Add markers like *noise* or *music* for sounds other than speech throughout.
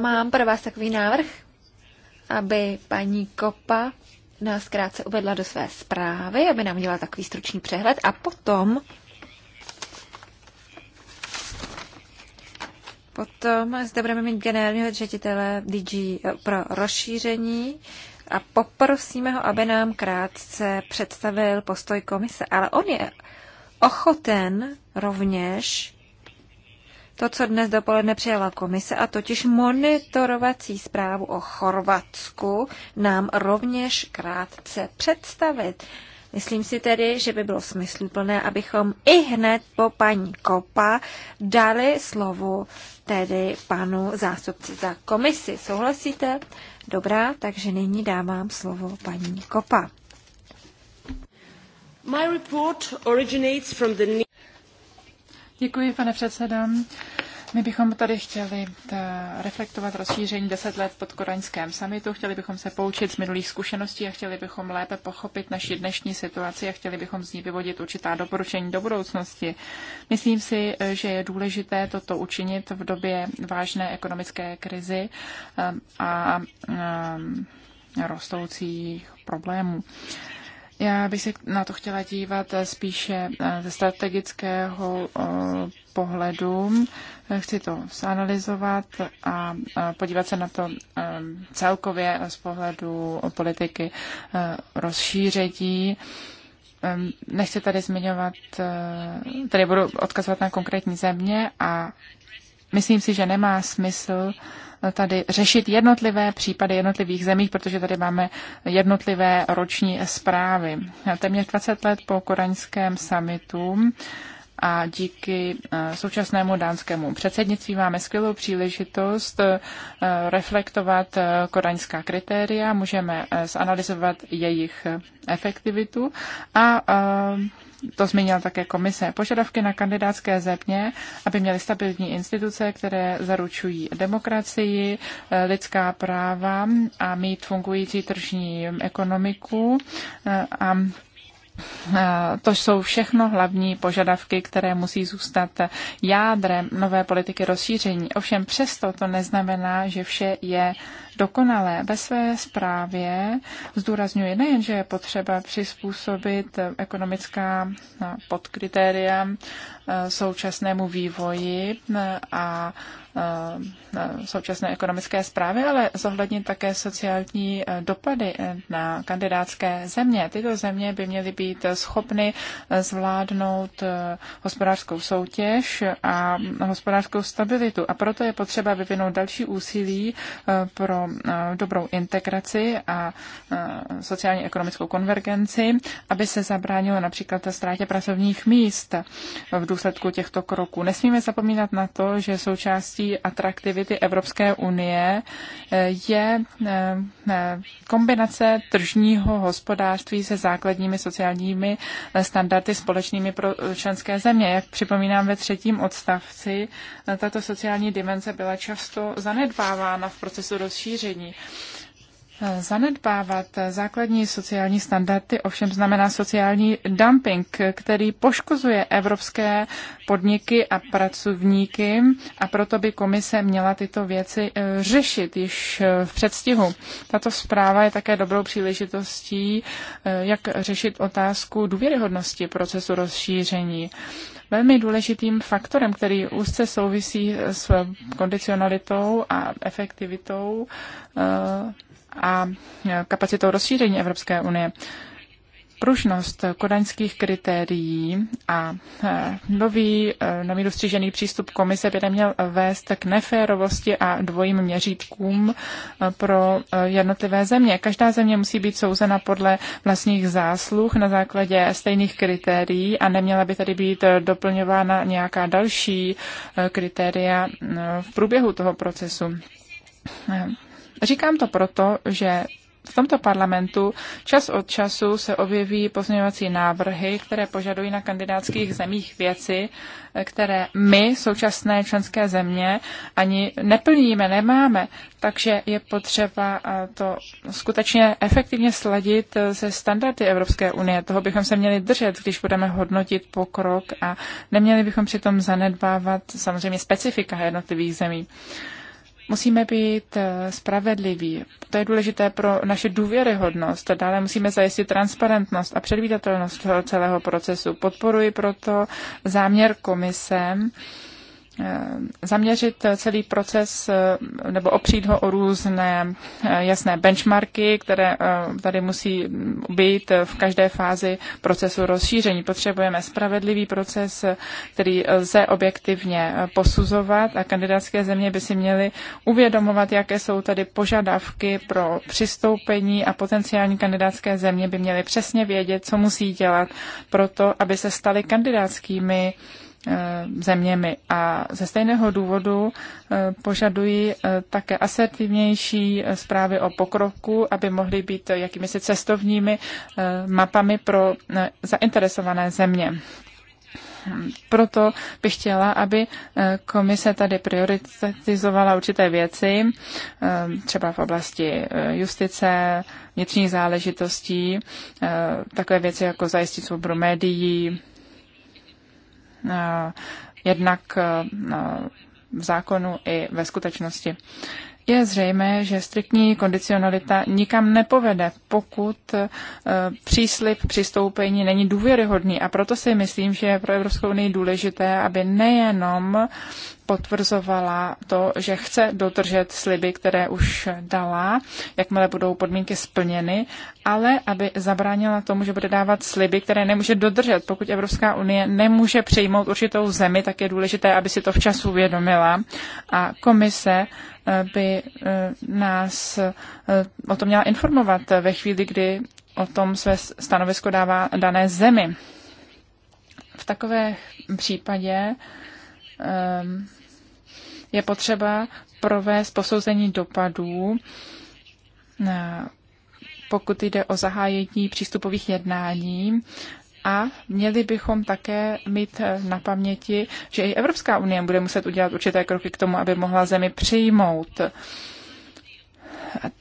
Mám pro vás takový návrh, aby paní Kopa nás krátce uvedla do své zprávy, aby nám dělala takový stručný přehled a potom Potom zde budeme mít generálního ředitele DG pro rozšíření a poprosíme ho, aby nám krátce představil postoj komise. Ale on je ochoten rovněž to, co dnes dopoledne přijala komise, a totiž monitorovací zprávu o Chorvatsku nám rovněž krátce představit. Myslím si tedy, že by bylo smysluplné, abychom i hned po paní Kopa dali slovo tedy panu zástupci za komisi. Souhlasíte? Dobrá, takže nyní dávám slovo paní Kopa. My report originates from the Děkuji, pane předsedo. My bychom tady chtěli eh, reflektovat rozšíření 10 let pod koraňském samitu, chtěli bychom se poučit z minulých zkušeností a chtěli bychom lépe pochopit naši dnešní situaci a chtěli bychom z ní vyvodit určitá doporučení do budoucnosti. Myslím si, eh, že je důležité toto učinit v době vážné ekonomické krizi eh, a rostoucích problémů. Já bych se na to chtěla dívat eh, spíše eh, ze strategického eh, pohledu. Chci to zanalizovat a podívat se na to celkově z pohledu politiky rozšíření. Nechci tady zmiňovat, tady budu odkazovat na konkrétní země a myslím si, že nemá smysl tady řešit jednotlivé případy jednotlivých zemí, protože tady máme jednotlivé roční zprávy. Téměř 20 let po koraňském summitu a díky eh, současnému dánskému předsednictví máme skvělou příležitost eh, reflektovat eh, koraňská kritéria, můžeme zanalizovat jejich efektivitu a to zmínila také komise, požadavky na kandidátské země, aby měly stabilní instituce, které zaručují demokracii, eh, lidská práva a mít fungující tržní ekonomiku eh, a eh, to jsou všechno hlavní požadavky, které musí zůstat jádrem nové politiky rozšíření. Ovšem přesto to neznamená, že vše je dokonalé. Ve své zprávě zdůrazňuje nejen, že je potřeba přizpůsobit ekonomická no, podkritéria eh, současnému vývoji eh, a eh, současné ekonomické zprávy, ale zohlednit také sociální dopady na kandidátské země. Tyto země by měly být schopny zvládnout hospodářskou soutěž a hospodářskou stabilitu. A proto je potřeba vyvinout další úsilí pro Eh, dobrou integraci a eh, sociálně ekonomickou konvergenci, aby se zabránilo například ztrátě pracovních míst v důsledku těchto kroků. Nesmíme zapomínat na to, že součástí atraktivity Evropské unie eh, je kombinace tržního hospodářství se základními sociálními standardy společnými pro členské země. Jak připomínám ve třetím odstavci, tato sociální dimenze byla často zanedbávána v procesu rozšíření rozšíření. Zanedbávat základní sociální standardy ovšem znamená sociální dumping, který poškozuje evropské podniky a pracovníky a proto by komise měla tyto věci eh, řešit již eh, v předstihu. Tato zpráva je také dobrou příležitostí, eh, jak řešit otázku důvěryhodnosti procesu rozšíření velmi důležitým faktorem, který úzce souvisí s kondicionalitou a efektivitou eh, a kapacitou rozšíření Evropské unie pružnost kodaňských kritérií a eh, nový, eh, nový dostřížený přístup komise by neměl vést k neférovosti a dvojím měřítkům eh, pro jednotlivé země. Každá země musí být souzena podle vlastních zásluh na základě stejných kritérií a neměla by tady být doplňována nějaká další kritéria v průběhu toho procesu. Říkám to proto, že v tomto parlamentu čas od času se objeví pozměňovací návrhy, které požadují na kandidátských zemích věci, které my, současné členské země, ani neplníme, nemáme. Takže je potřeba to skutečně efektivně sladit e, se standardy Evropské unie. Toho bychom se měli držet, když budeme hodnotit pokrok a neměli bychom přitom zanedbávat samozřejmě specifika jednotlivých zemí. Musíme být eh, spravedliví. To je důležité pro naše důvěryhodnost. Dále musíme zajistit transparentnost a předvídatelnost celého procesu. Podporuji proto záměr komisem Eh, zaměřit eh, celý proces eh, nebo opřít ho o různé jasné benchmarky, které tady musí být v každé fázi procesu rozšíření. Potřebujeme spravedlivý proces, který lze objektivně posuzovat a kandidátské země by si měly uvědomovat, jaké jsou tady požadavky pro přistoupení a potenciální kandidátské země by měly přesně vědět, co musí dělat pro to, aby se staly kandidátskými Eh, zeměmi. A ze stejného důvodu eh, požadují eh, také asertivnější zprávy o pokroku, aby mohly být jakými se cestovními mapami pro zainteresované země. Proto bych chtěla, aby komise tady prioritizovala určité věci, třeba v oblasti justice, vnitřních záležitostí, takové věci jako zajistit svobodu médií, Eh, jednak eh, v zákonu i ve skutečnosti je zřejmé, že striktní kondicionalita nikam nepovede, pokud eh, příslip přistoupení není důvěryhodný. A proto si myslím, že je pro Evropskou unii důležité, aby nejenom potvrzovala to, že chce dodržet sliby, které už dala, jakmile budou podmínky splněny, ale aby zabránila tomu, že bude dávat sliby, které nemůže dodržet. Pokud Evropská unie nemůže přijmout určitou zemi, tak je důležité, aby si to včas uvědomila a komise by eh, nás eh, o tom měla informovat ve chvíli, kdy o tom své stanovisko dává dané zemi. V takové případě eh, je potřeba provést posouzení dopadů, pokud jde o zahájení přístupových jednání a měli bychom také mít na paměti, že i Evropská unie bude muset udělat určité kroky k tomu, aby mohla zemi přijmout.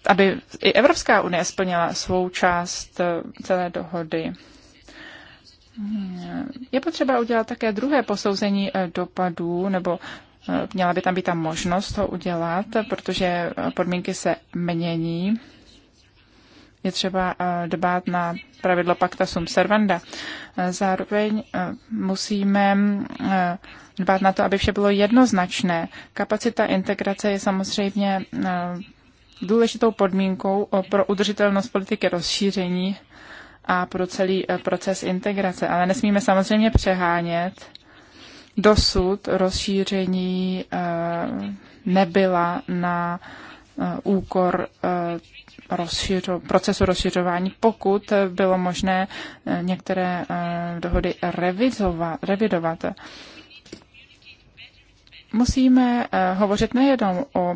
Aby i Evropská unie splnila svou část eh, celé dohody. Je potřeba udělat také druhé posouzení eh, dopadů, nebo eh, měla by tam být ta možnost to udělat, protože podmínky se mění je třeba eh, dbát na pravidlo pacta sum servanda. Eh, zároveň eh, musíme dbát na to, aby vše bylo jednoznačné. Kapacita integrace je samozřejmě důležitou podmínkou pro udržitelnost politiky rozšíření a pro celý proces integrace. Ale nesmíme samozřejmě přehánět. Dosud rozšíření nebyla na úkor rozšiřo, procesu rozšiřování, pokud bylo možné eh, některé eh, dohody revizovat, revidovat. Musíme eh, hovořit nejenom o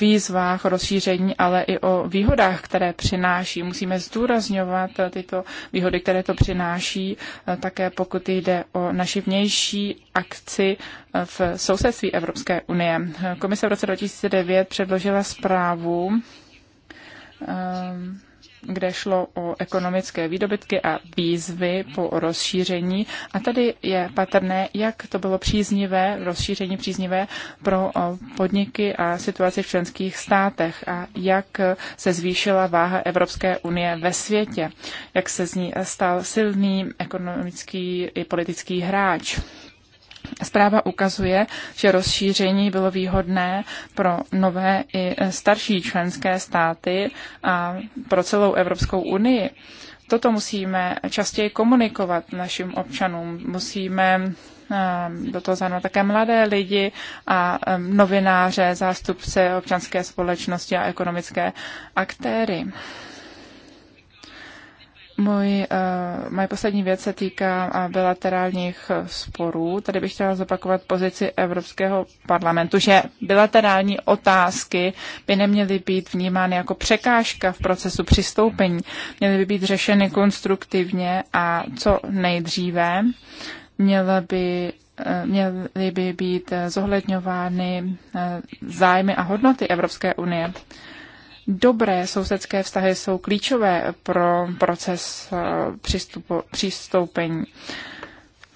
výzvách rozšíření, ale i o výhodách, které přináší. Musíme zdůrazňovat tyto výhody, které to přináší, také pokud jde o naši vnější akci v sousedství Evropské unie. Komise v roce 2009 předložila zprávu Ehm, kde šlo o ekonomické výdobytky a výzvy po rozšíření. A tady je patrné, jak to bylo příznivé, rozšíření příznivé pro podniky a situaci v členských státech a jak se zvýšila váha Evropské unie ve světě, jak se z ní stal silný ekonomický i politický hráč. Zpráva ukazuje, že rozšíření bylo výhodné pro nové i starší členské státy a pro celou Evropskou unii. Toto musíme častěji komunikovat našim občanům. Musíme eh, do toho zahrnout také mladé lidi a eh, novináře, zástupce občanské společnosti a ekonomické aktéry. Můj, uh, moje poslední věc se týká eh, bilaterálních eh, sporů. Tady bych chtěla zopakovat pozici Evropského parlamentu, že bilaterální otázky by neměly být vnímány jako překážka v procesu přistoupení. Měly by být řešeny konstruktivně a co nejdříve. Měla by měly by být zohledňovány zájmy a hodnoty Evropské unie. Dobré sousedské vztahy jsou klíčové pro proces eh, přístupu, přistoupení.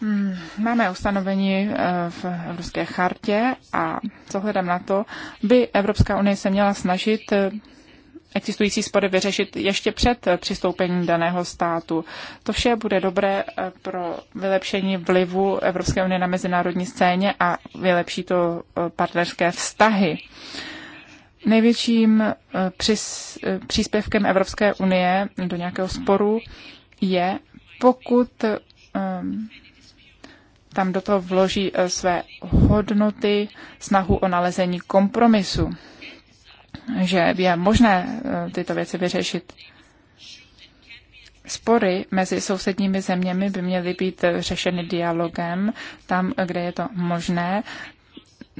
Hmm, máme ustanovení eh, v Evropské chartě a s ohledem na to by Evropská unie se měla snažit eh, existující spory vyřešit ještě před přistoupením daného státu. To vše bude dobré pro vylepšení vlivu Evropské unie na mezinárodní scéně a vylepší to partnerské vztahy největším eh, přis, eh, příspěvkem Evropské unie do nějakého sporu je, pokud ehm, tam do toho vloží eh, své hodnoty, snahu o nalezení kompromisu, že je možné tyto věci vyřešit. Spory mezi sousedními zeměmi by měly být řešeny dialogem, tam, kde je to možné,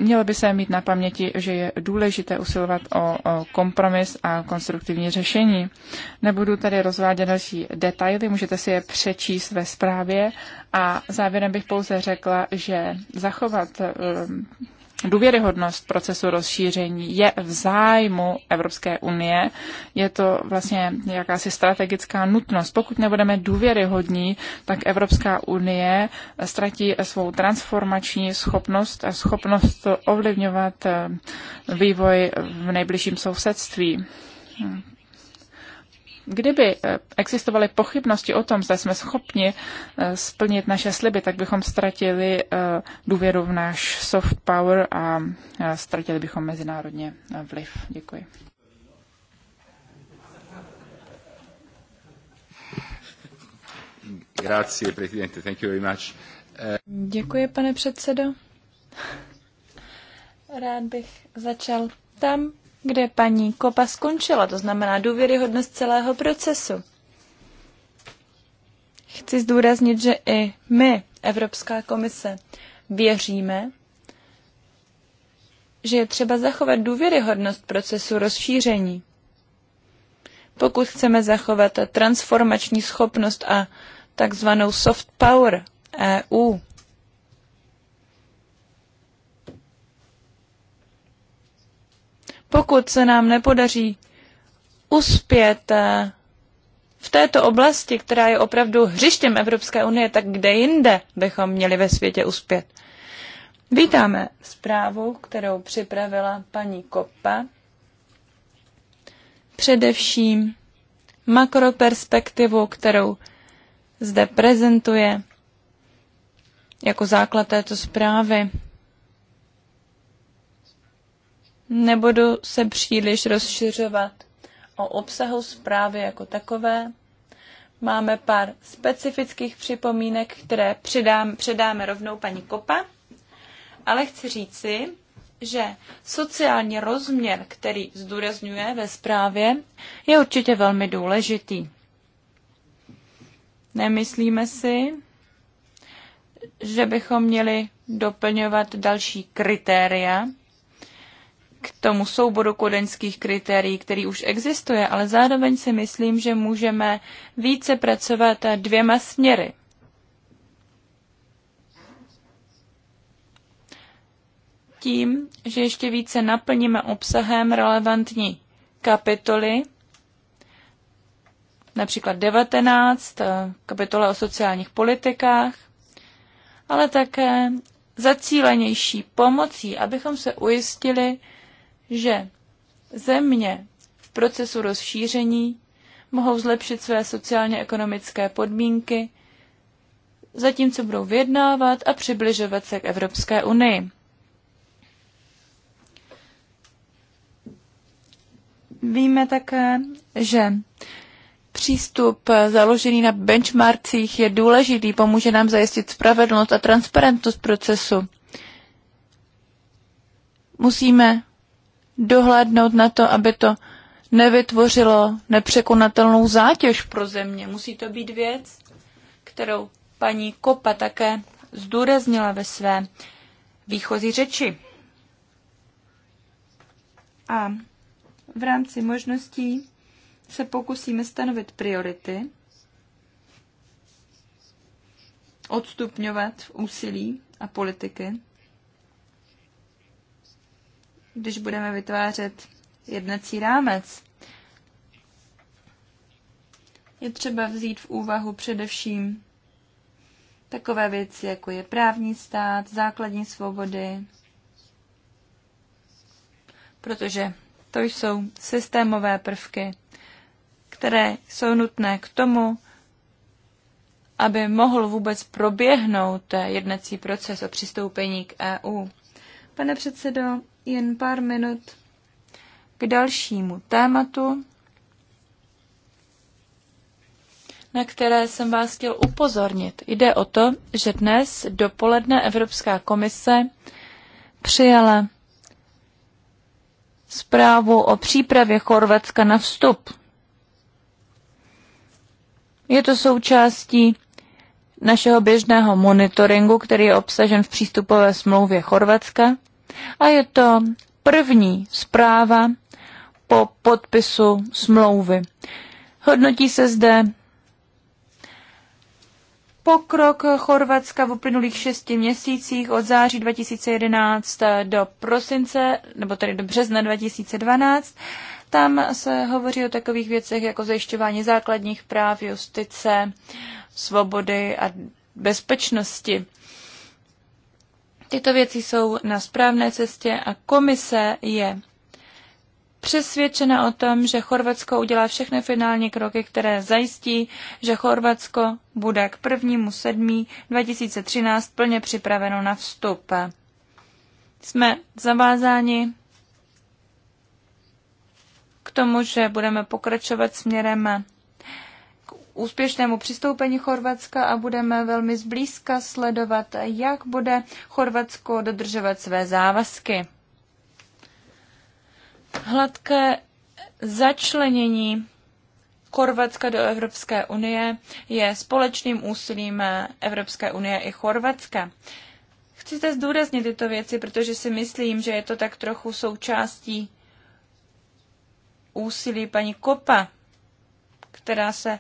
Mělo by se mít na paměti, že je důležité usilovat o, o kompromis a konstruktivní řešení. Nebudu tady rozvádět další detaily, můžete si je přečíst ve zprávě a závěrem bych pouze řekla, že zachovat eh, důvěryhodnost procesu rozšíření je v zájmu Evropské unie. Je to vlastně jakási strategická nutnost. Pokud nebudeme důvěryhodní, tak Evropská unie ztratí svou transformační schopnost a schopnost ovlivňovat eh, vývoj v nejbližším sousedství. Kdyby eh, existovaly pochybnosti o tom, zda jsme schopni eh, splnit naše sliby, tak bychom ztratili eh, důvěru v náš soft power a ztratili bychom mezinárodně vliv. Děkuji. Grazie, presidente. Thank you very much. Děkuji, pane předsedo. Rád bych začal tam, kde paní Kopa skončila, to znamená důvěryhodnost celého procesu. Chci zdůraznit, že i my, Evropská komise, věříme, že je třeba zachovat důvěryhodnost procesu rozšíření. Pokud chceme zachovat transformační schopnost a takzvanou soft power EU, Pokud se nám nepodaří uspět eh, v této oblasti, která je opravdu hřištěm Evropské unie, tak kde jinde bychom měli ve světě uspět? Vítáme zprávu, kterou připravila paní Kopa. Především makroperspektivu, kterou zde prezentuje jako základ této zprávy. Nebudu se příliš rozšiřovat o obsahu zprávy jako takové. Máme pár specifických připomínek, které předám, předáme rovnou paní Kopa, ale chci říci, že sociální rozměr, který zdůrazňuje ve zprávě, je určitě velmi důležitý. Nemyslíme si, že bychom měli doplňovat další kritéria k tomu souboru kodeňských kritérií, který už existuje, ale zároveň si myslím, že můžeme více pracovat dvěma směry. Tím, že ještě více naplníme obsahem relevantní kapitoly, například 19, eh, kapitola o sociálních politikách, ale také zacílenější pomocí, abychom se ujistili, že země v procesu rozšíření mohou zlepšit své sociálně-ekonomické podmínky, zatímco budou vyjednávat a přibližovat se k Evropské unii. Víme také, že přístup založený na benchmarkcích je důležitý, pomůže nám zajistit spravedlnost a transparentnost procesu. Musíme dohlédnout na to, aby to nevytvořilo nepřekonatelnou zátěž pro země. Musí to být věc, kterou paní Kopa také zdůraznila ve své výchozí řeči. A v rámci možností se pokusíme stanovit priority, odstupňovat úsilí a politiky když budeme vytvářet jednací rámec. Je třeba vzít v úvahu především takové věci, jako je právní stát, základní svobody, protože to jsou systémové prvky, které jsou nutné k tomu, aby mohl vůbec proběhnout eh, jednací proces o přistoupení k EU. Pane předsedo, jen pár minut k dalšímu tématu, na které jsem vás chtěl upozornit. Jde o to, že dnes dopoledne Evropská komise přijala zprávu o přípravě Chorvatska na vstup. Je to součástí našeho běžného monitoringu, který je obsažen v přístupové smlouvě Chorvatska a je to první zpráva po podpisu smlouvy. Hodnotí se zde pokrok Chorvatska v uplynulých šesti měsících od září 2011 do prosince, nebo tedy do března 2012. Tam se hovoří o takových věcech jako zajišťování základních práv, justice, svobody a bezpečnosti. Tyto věci jsou na správné cestě a komise je přesvědčena o tom, že Chorvatsko udělá všechny finální kroky, které zajistí, že Chorvatsko bude k 1.7.2013 2013 plně připraveno na vstup. Jsme zavázáni k tomu, že budeme pokračovat směrem úspěšnému přistoupení Chorvatska a budeme velmi zblízka sledovat, jak bude Chorvatsko dodržovat své závazky. Hladké začlenění Chorvatska do Evropské unie je společným úsilím Evropské unie i Chorvatska. Chci zde zdůraznit tyto věci, protože si myslím, že je to tak trochu součástí úsilí paní Kopa, která se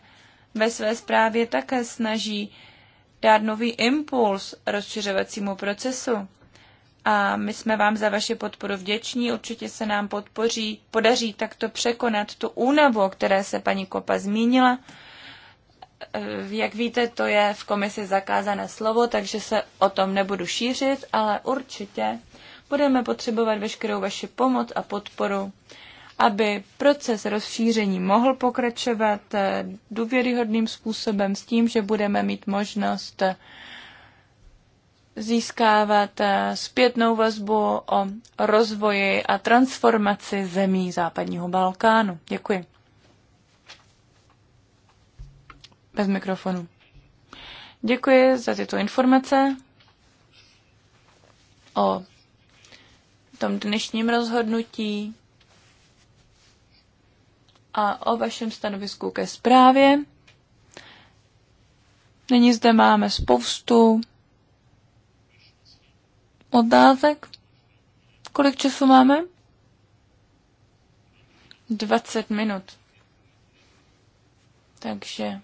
ve své zprávě také snaží dát nový impuls rozšiřovacímu procesu. A my jsme vám za vaši podporu vděční. Určitě se nám podpoří, podaří takto překonat tu únavu, o které se paní Kopa zmínila. Eh, jak víte, to je v komisi zakázané slovo, takže se o tom nebudu šířit, ale určitě budeme potřebovat veškerou vaši pomoc a podporu aby proces rozšíření mohl pokračovat důvěryhodným způsobem s tím, že budeme mít možnost získávat zpětnou vazbu o rozvoji a transformaci zemí západního Balkánu. Děkuji. Bez mikrofonu. Děkuji za tyto informace o tom dnešním rozhodnutí a o vašem stanovisku ke zprávě. Nyní zde máme spoustu otázek. Kolik času máme? 20 minut. Takže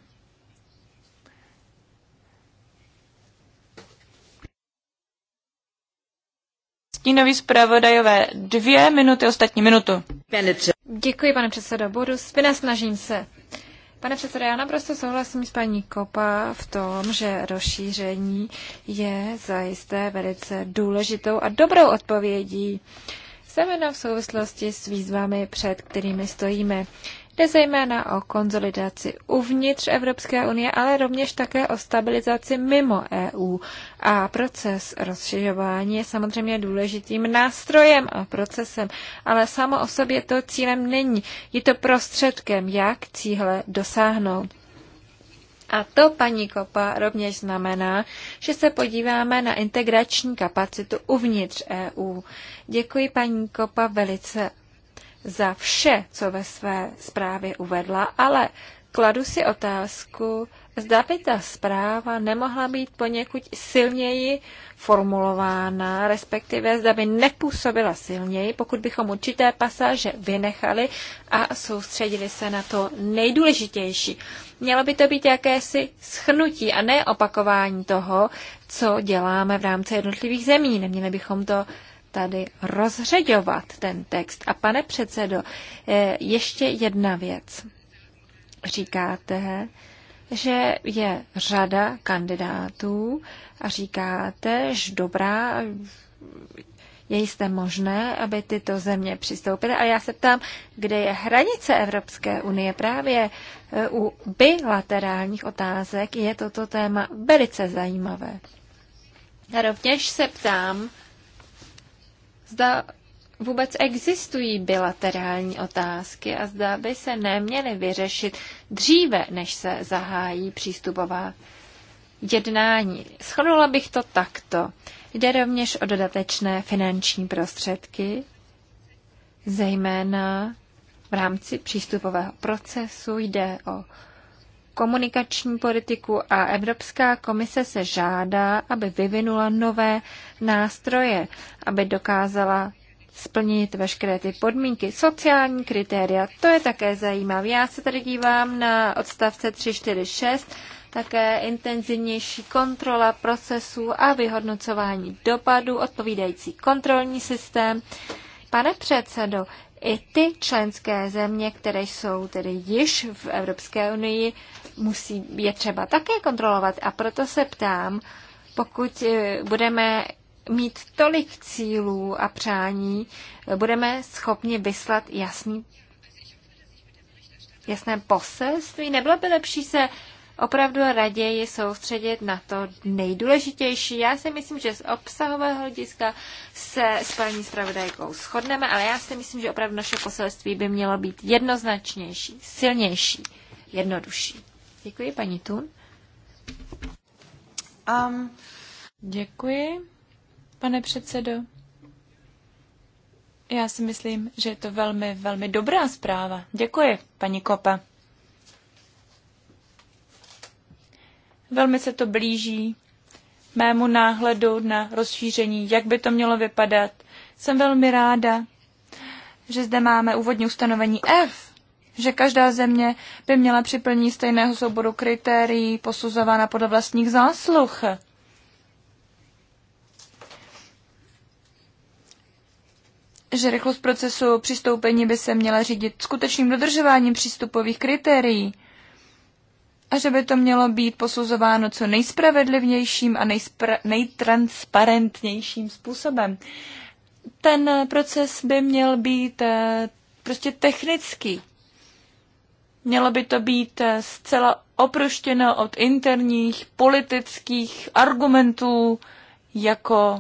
stínoví zpravodajové dvě minuty, ostatní minutu. Děkuji, pane předsedo. Budu spina, snažím se. Pane předsedo, já naprosto souhlasím s paní Kopa v tom, že rozšíření je zajisté velice důležitou a dobrou odpovědí zejména v souvislosti s výzvami, před kterými stojíme. Jde zejména o konzolidaci uvnitř Evropské unie, ale rovněž také o stabilizaci mimo EU. A proces rozšiřování je samozřejmě důležitým nástrojem a procesem, ale samo o sobě to cílem není. Je to prostředkem, jak cíle dosáhnout. A to, paní Kopa, rovněž znamená, že se podíváme na integrační kapacitu uvnitř EU. Děkuji, paní Kopa, velice za vše, co ve své zprávě uvedla, ale kladu si otázku, zda by ta zpráva nemohla být poněkud silněji formulována, respektive zda by nepůsobila silněji, pokud bychom určité pasáže vynechali a soustředili se na to nejdůležitější. Mělo by to být jakési schnutí a ne opakování toho, co děláme v rámci jednotlivých zemí. Neměli bychom to tady rozředovat ten text. A pane předsedo, eh, ještě jedna věc. Říkáte, že je řada kandidátů a říkáte, že dobrá, je jisté možné, aby tyto země přistoupily. A já se ptám, kde je hranice Evropské unie? Právě eh, u bilaterálních otázek je toto téma velice zajímavé. A rovněž se ptám, zda vůbec existují bilaterální otázky a zda by se neměly vyřešit dříve, než se zahájí přístupová jednání. Shodla bych to takto. Jde rovněž o dodatečné finanční prostředky, zejména v rámci přístupového procesu jde o komunikační politiku a Evropská komise se žádá, aby vyvinula nové nástroje, aby dokázala splnit veškeré ty podmínky. Sociální kritéria, to je také zajímavé. Já se tady dívám na odstavce 346, také intenzivnější kontrola procesů a vyhodnocování dopadů, odpovídající kontrolní systém. Pane předsedo, i ty členské země, které jsou tedy již v Evropské unii, musí, je třeba také kontrolovat. A proto se ptám, pokud e, budeme mít tolik cílů a přání, budeme schopni vyslat jasný, jasné poselství? Nebylo by lepší se opravdu raději soustředit na to nejdůležitější. Já si myslím, že z obsahového hlediska se s paní zpravodajkou shodneme, ale já si myslím, že opravdu naše poselství by mělo být jednoznačnější, silnější, jednodušší. Děkuji, paní Tun. Um, děkuji, pane předsedo. Já si myslím, že je to velmi, velmi dobrá zpráva. Děkuji, paní Kopa. Velmi se to blíží mému náhledu na rozšíření, jak by to mělo vypadat. Jsem velmi ráda, že zde máme úvodní ustanovení F, že každá země by měla při stejného souboru kritérií posuzována podle vlastních zásluh. Že rychlost procesu přistoupení by se měla řídit skutečným dodržováním přístupových kritérií a že by to mělo být posuzováno co nejspravedlivějším a nejspra- nejtransparentnějším způsobem. Ten proces by měl být eh, prostě technický. Mělo by to být eh, zcela oproštěno od interních politických argumentů, jako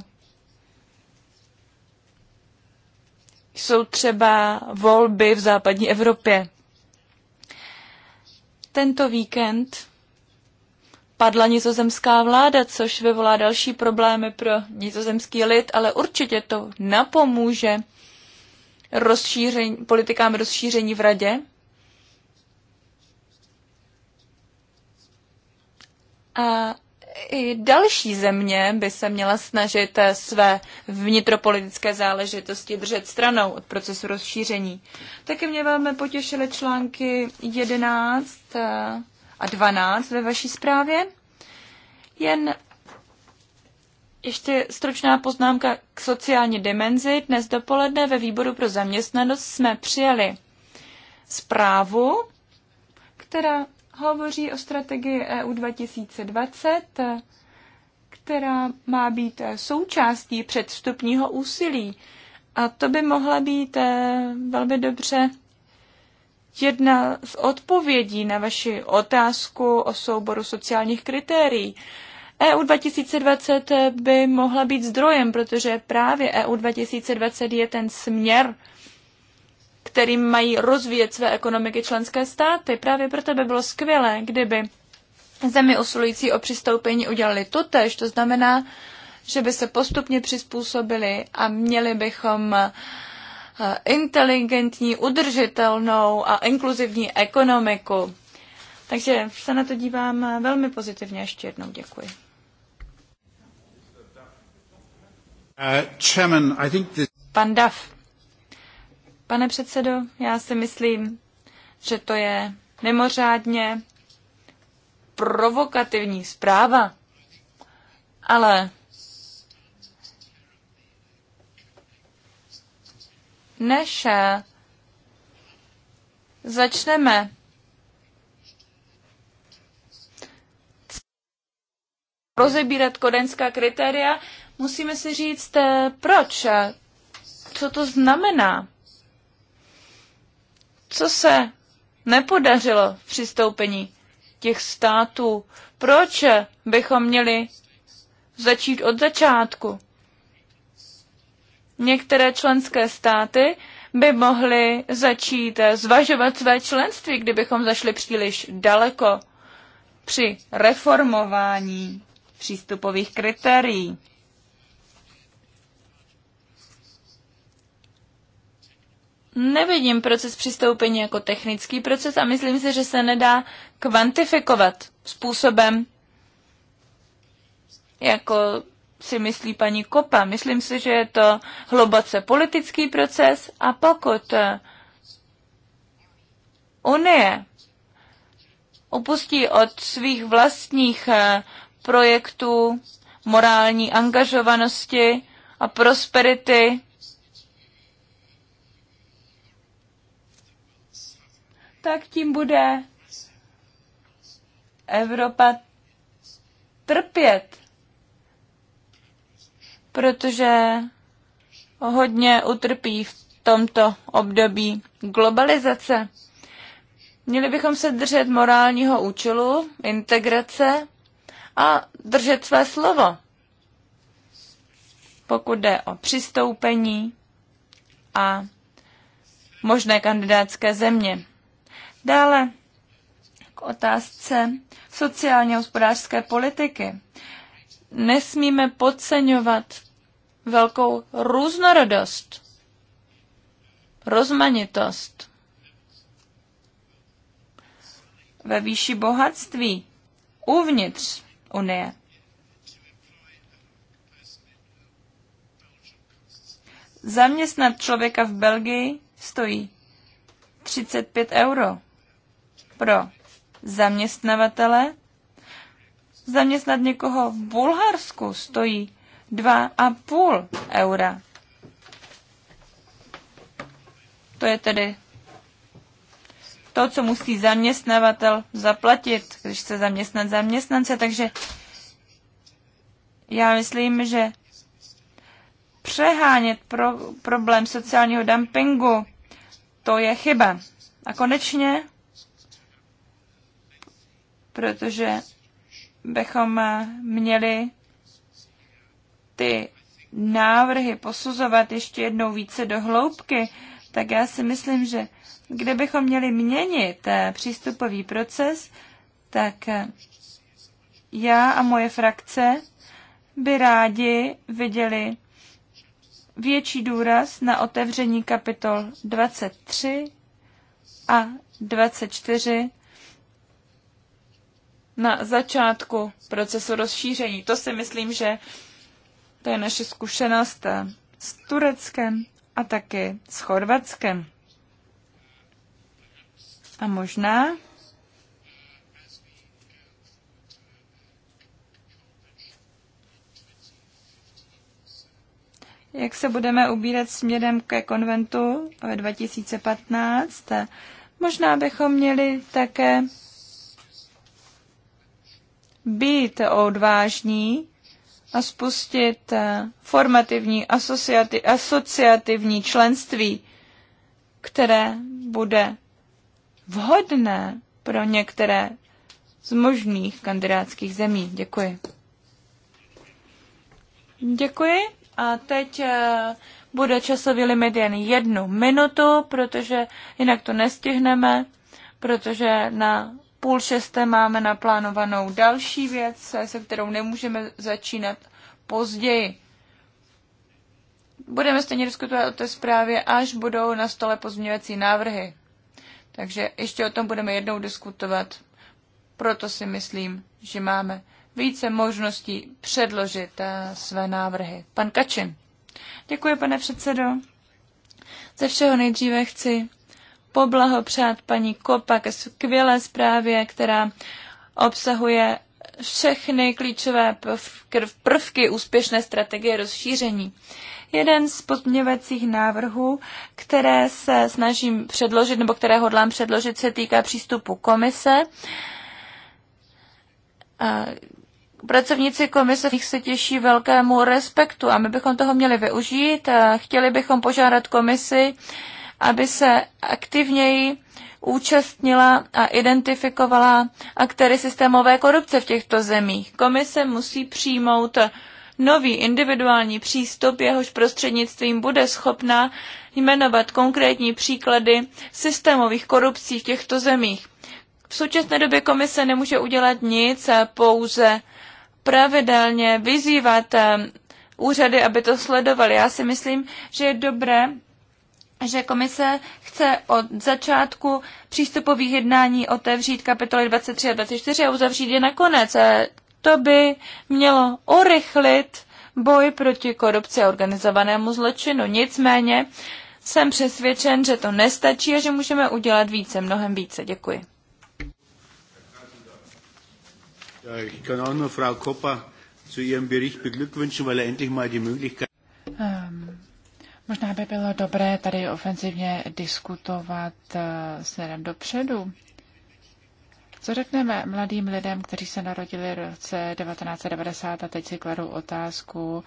jsou třeba volby v západní Evropě. Tento víkend padla nizozemská vláda, což vyvolá další problémy pro nizozemský lid, ale určitě to napomůže rozšíření, politikám rozšíření v radě. A i další země by se měla snažit své vnitropolitické záležitosti držet stranou od procesu rozšíření. Taky mě velmi potěšily články 11 eh, a 12 ve vaší zprávě. Jen ještě stručná poznámka k sociální dimenzi. Dnes dopoledne ve výboru pro zaměstnanost jsme přijali zprávu, která hovoří o strategii EU 2020, která má být součástí předstupního úsilí. A to by mohla být eh, velmi dobře jedna z odpovědí na vaši otázku o souboru sociálních kritérií. EU 2020 by mohla být zdrojem, protože právě EU 2020 je ten směr, kterým mají rozvíjet své ekonomiky členské státy. Právě proto by bylo skvělé, kdyby zemi usilující o přistoupení udělali totež, to znamená, že by se postupně přizpůsobili a měli bychom eh, inteligentní, udržitelnou a inkluzivní ekonomiku. Takže se na to dívám eh, velmi pozitivně. Ještě jednou děkuji. Uh, Pan Duff. Pane předsedo, já si myslím, že to je mimořádně provokativní zpráva, ale než začneme rozebírat kodenská kritéria, musíme si říct, eh, proč, co to znamená. Co se nepodařilo v přistoupení těch států? Proč bychom měli začít od začátku? Některé členské státy by mohly začít zvažovat své členství, kdybychom zašli příliš daleko při reformování přístupových kritérií. nevidím proces přistoupení jako technický proces a myslím si, že se nedá kvantifikovat způsobem, jako si myslí paní Kopa. Myslím si, že je to hluboce politický proces a pokud Unie upustí od svých vlastních eh, projektů morální angažovanosti a prosperity tak tím bude Evropa trpět, protože hodně utrpí v tomto období globalizace. Měli bychom se držet morálního účelu, integrace a držet své slovo. Pokud jde o přistoupení a možné kandidátské země. Dále k otázce sociálně hospodářské politiky. Nesmíme podceňovat velkou různorodost, rozmanitost ve výši bohatství uvnitř Unie. Zaměstnat člověka v Belgii stojí 35 euro pro zaměstnavatele. Zaměstnat někoho v Bulharsku stojí 2,5 eura. To je tedy to, co musí zaměstnavatel zaplatit, když chce zaměstnat zaměstnance. Takže já myslím, že přehánět pro, problém sociálního dumpingu, to je chyba. A konečně protože bychom eh, měli ty návrhy posuzovat ještě jednou více do hloubky, tak já si myslím, že kdybychom měli měnit eh, přístupový proces, tak eh, já a moje frakce by rádi viděli větší důraz na otevření kapitol 23 a 24 na začátku procesu rozšíření. To si myslím, že to je naše zkušenost eh, s Tureckem a taky s Chorvatskem. A možná jak se budeme ubírat směrem ke konventu 2015, eh, možná bychom měli také být odvážní a spustit eh, formativní asociati- asociativní členství, které bude vhodné pro některé z možných kandidátských zemí. Děkuji. Děkuji. A teď eh, bude časový limit jen jednu minutu, protože jinak to nestihneme, protože na půl šesté máme naplánovanou další věc, se kterou nemůžeme začínat později. Budeme stejně diskutovat o té zprávě, až budou na stole pozměňovací návrhy. Takže ještě o tom budeme jednou diskutovat. Proto si myslím, že máme více možností předložit eh, své návrhy. Pan Kačin. Děkuji, pane předsedo. Ze všeho nejdříve chci poblahopřát paní Kopa ke skvělé zprávě, která obsahuje všechny klíčové prvky úspěšné strategie rozšíření. Jeden z pozměňovacích návrhů, které se snažím předložit, nebo které hodlám předložit, se týká přístupu komise. Pracovníci komise se těší velkému respektu a my bychom toho měli využít. Chtěli bychom požádat komisi, aby se aktivněji účastnila a identifikovala aktéry systémové korupce v těchto zemích. Komise musí přijmout nový individuální přístup, jehož prostřednictvím bude schopna jmenovat konkrétní příklady systémových korupcí v těchto zemích. V současné době komise nemůže udělat nic, pouze pravidelně vyzývat eh, úřady, aby to sledovali. Já si myslím, že je dobré, že komise chce od začátku přístupových jednání otevřít kapitoly 23 a 24 a uzavřít je nakonec. To by mělo urychlit boj proti korupci a organizovanému zločinu. Nicméně jsem přesvědčen, že to nestačí a že můžeme udělat více, mnohem více. Děkuji. Um, Možná by bylo dobré tady ofenzivně diskutovat eh, směrem dopředu. Co řekneme mladým lidem, kteří se narodili v roce 1990 a teď si kladou otázku,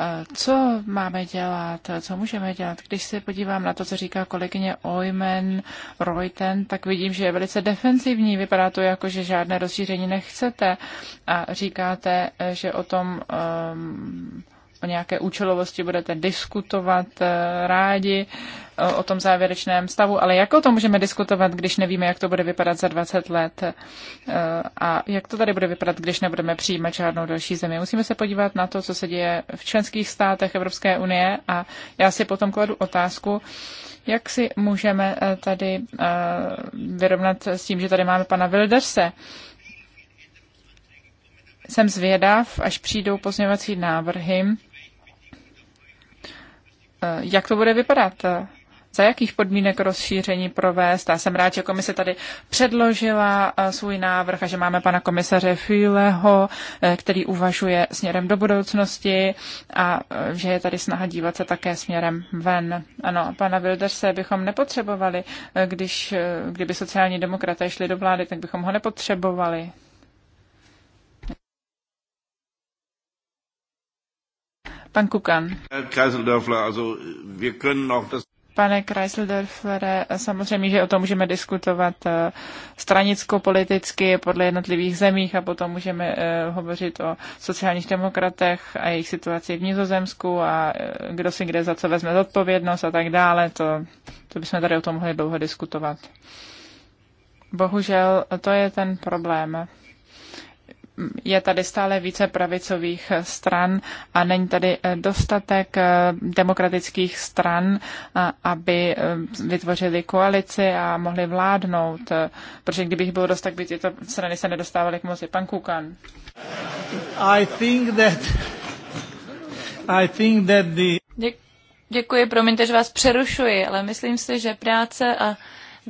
eh, co máme dělat, co můžeme dělat? Když se podívám na to, co říká kolegyně Oymen Reuten, tak vidím, že je velice defensivní. Vypadá to jako, že žádné rozšíření nechcete a říkáte, eh, že o tom um, o nějaké účelovosti budete diskutovat eh, rádi o tom závěrečném stavu, ale jak o tom můžeme diskutovat, když nevíme, jak to bude vypadat za 20 let eh, a jak to tady bude vypadat, když nebudeme přijímat žádnou další zemi. Musíme se podívat na to, co se děje v členských státech Evropské unie a já si potom kladu otázku, jak si můžeme eh, tady vyrovnat s tím, že tady máme pana Wilderse, jsem zvědav, až přijdou pozměvací návrhy Eh, jak to bude vypadat? Eh, za jakých podmínek rozšíření provést? Já jsem rád, že komise tady předložila eh, svůj návrh a že máme pana komisaře Füleho, který uvažuje směrem do budoucnosti a že je tady snaha dívat se také směrem ven. Ano, pana Wilderse bychom nepotřebovali, když, kdyby sociální demokraté šli do vlády, tak bychom ho nepotřebovali. Pan Kukan. Pane Kreiseldörflere, samozřejmě, že o tom můžeme diskutovat eh, stranicko-politicky podle jednotlivých zemích a potom můžeme eh, hovořit o sociálních demokratech a jejich situaci v Nizozemsku a eh, kdo si kde za co vezme zodpovědnost a tak dále. To, to bychom tady o tom mohli dlouho diskutovat. Bohužel to je ten problém je tady stále více pravicových stran a není tady eh, dostatek eh, demokratických stran, eh, aby vytvořili koalici a mohli vládnout. Protože kdybych byl dost, tak by tyto strany se nedostávaly k moci. Pan Kukan. I think that, I think that the... Děkuji, promiňte, že vás přerušuji, ale myslím si, že práce a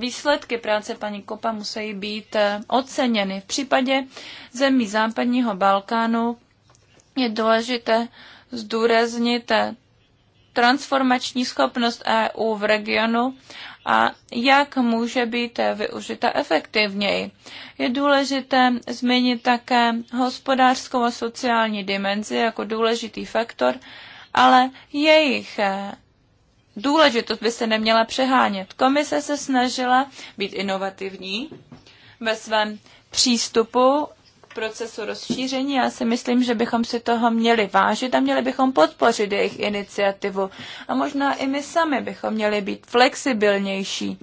výsledky práce paní Kopa musí být eh, oceněny. V případě zemí západního Balkánu je důležité zdůraznit eh, transformační schopnost EU v regionu a jak může být eh, využita efektivněji. Je důležité zmínit také hospodářskou a sociální dimenzi jako důležitý faktor, ale jejich důležitost by se neměla přehánět. Komise se snažila být inovativní ve svém přístupu k procesu rozšíření. Já si myslím, že bychom si toho měli vážit a měli bychom podpořit jejich iniciativu. A možná i my sami bychom měli být flexibilnější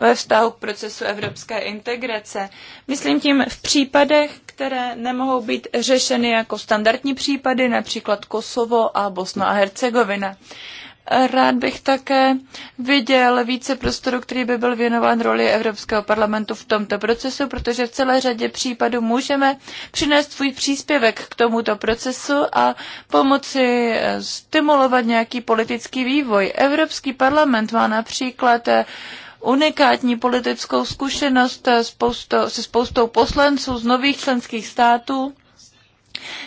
ve vztahu k procesu evropské integrace. Myslím tím v případech, které nemohou být řešeny jako standardní případy, například Kosovo a Bosna a Hercegovina. Rád bych také viděl více prostoru, který by byl věnován roli Evropského parlamentu v tomto procesu, protože v celé řadě případů můžeme přinést svůj příspěvek k tomuto procesu a pomoci eh, stimulovat nějaký politický vývoj. Evropský parlament má například eh, unikátní politickou zkušenost eh, se spoustou poslanců z nových členských států,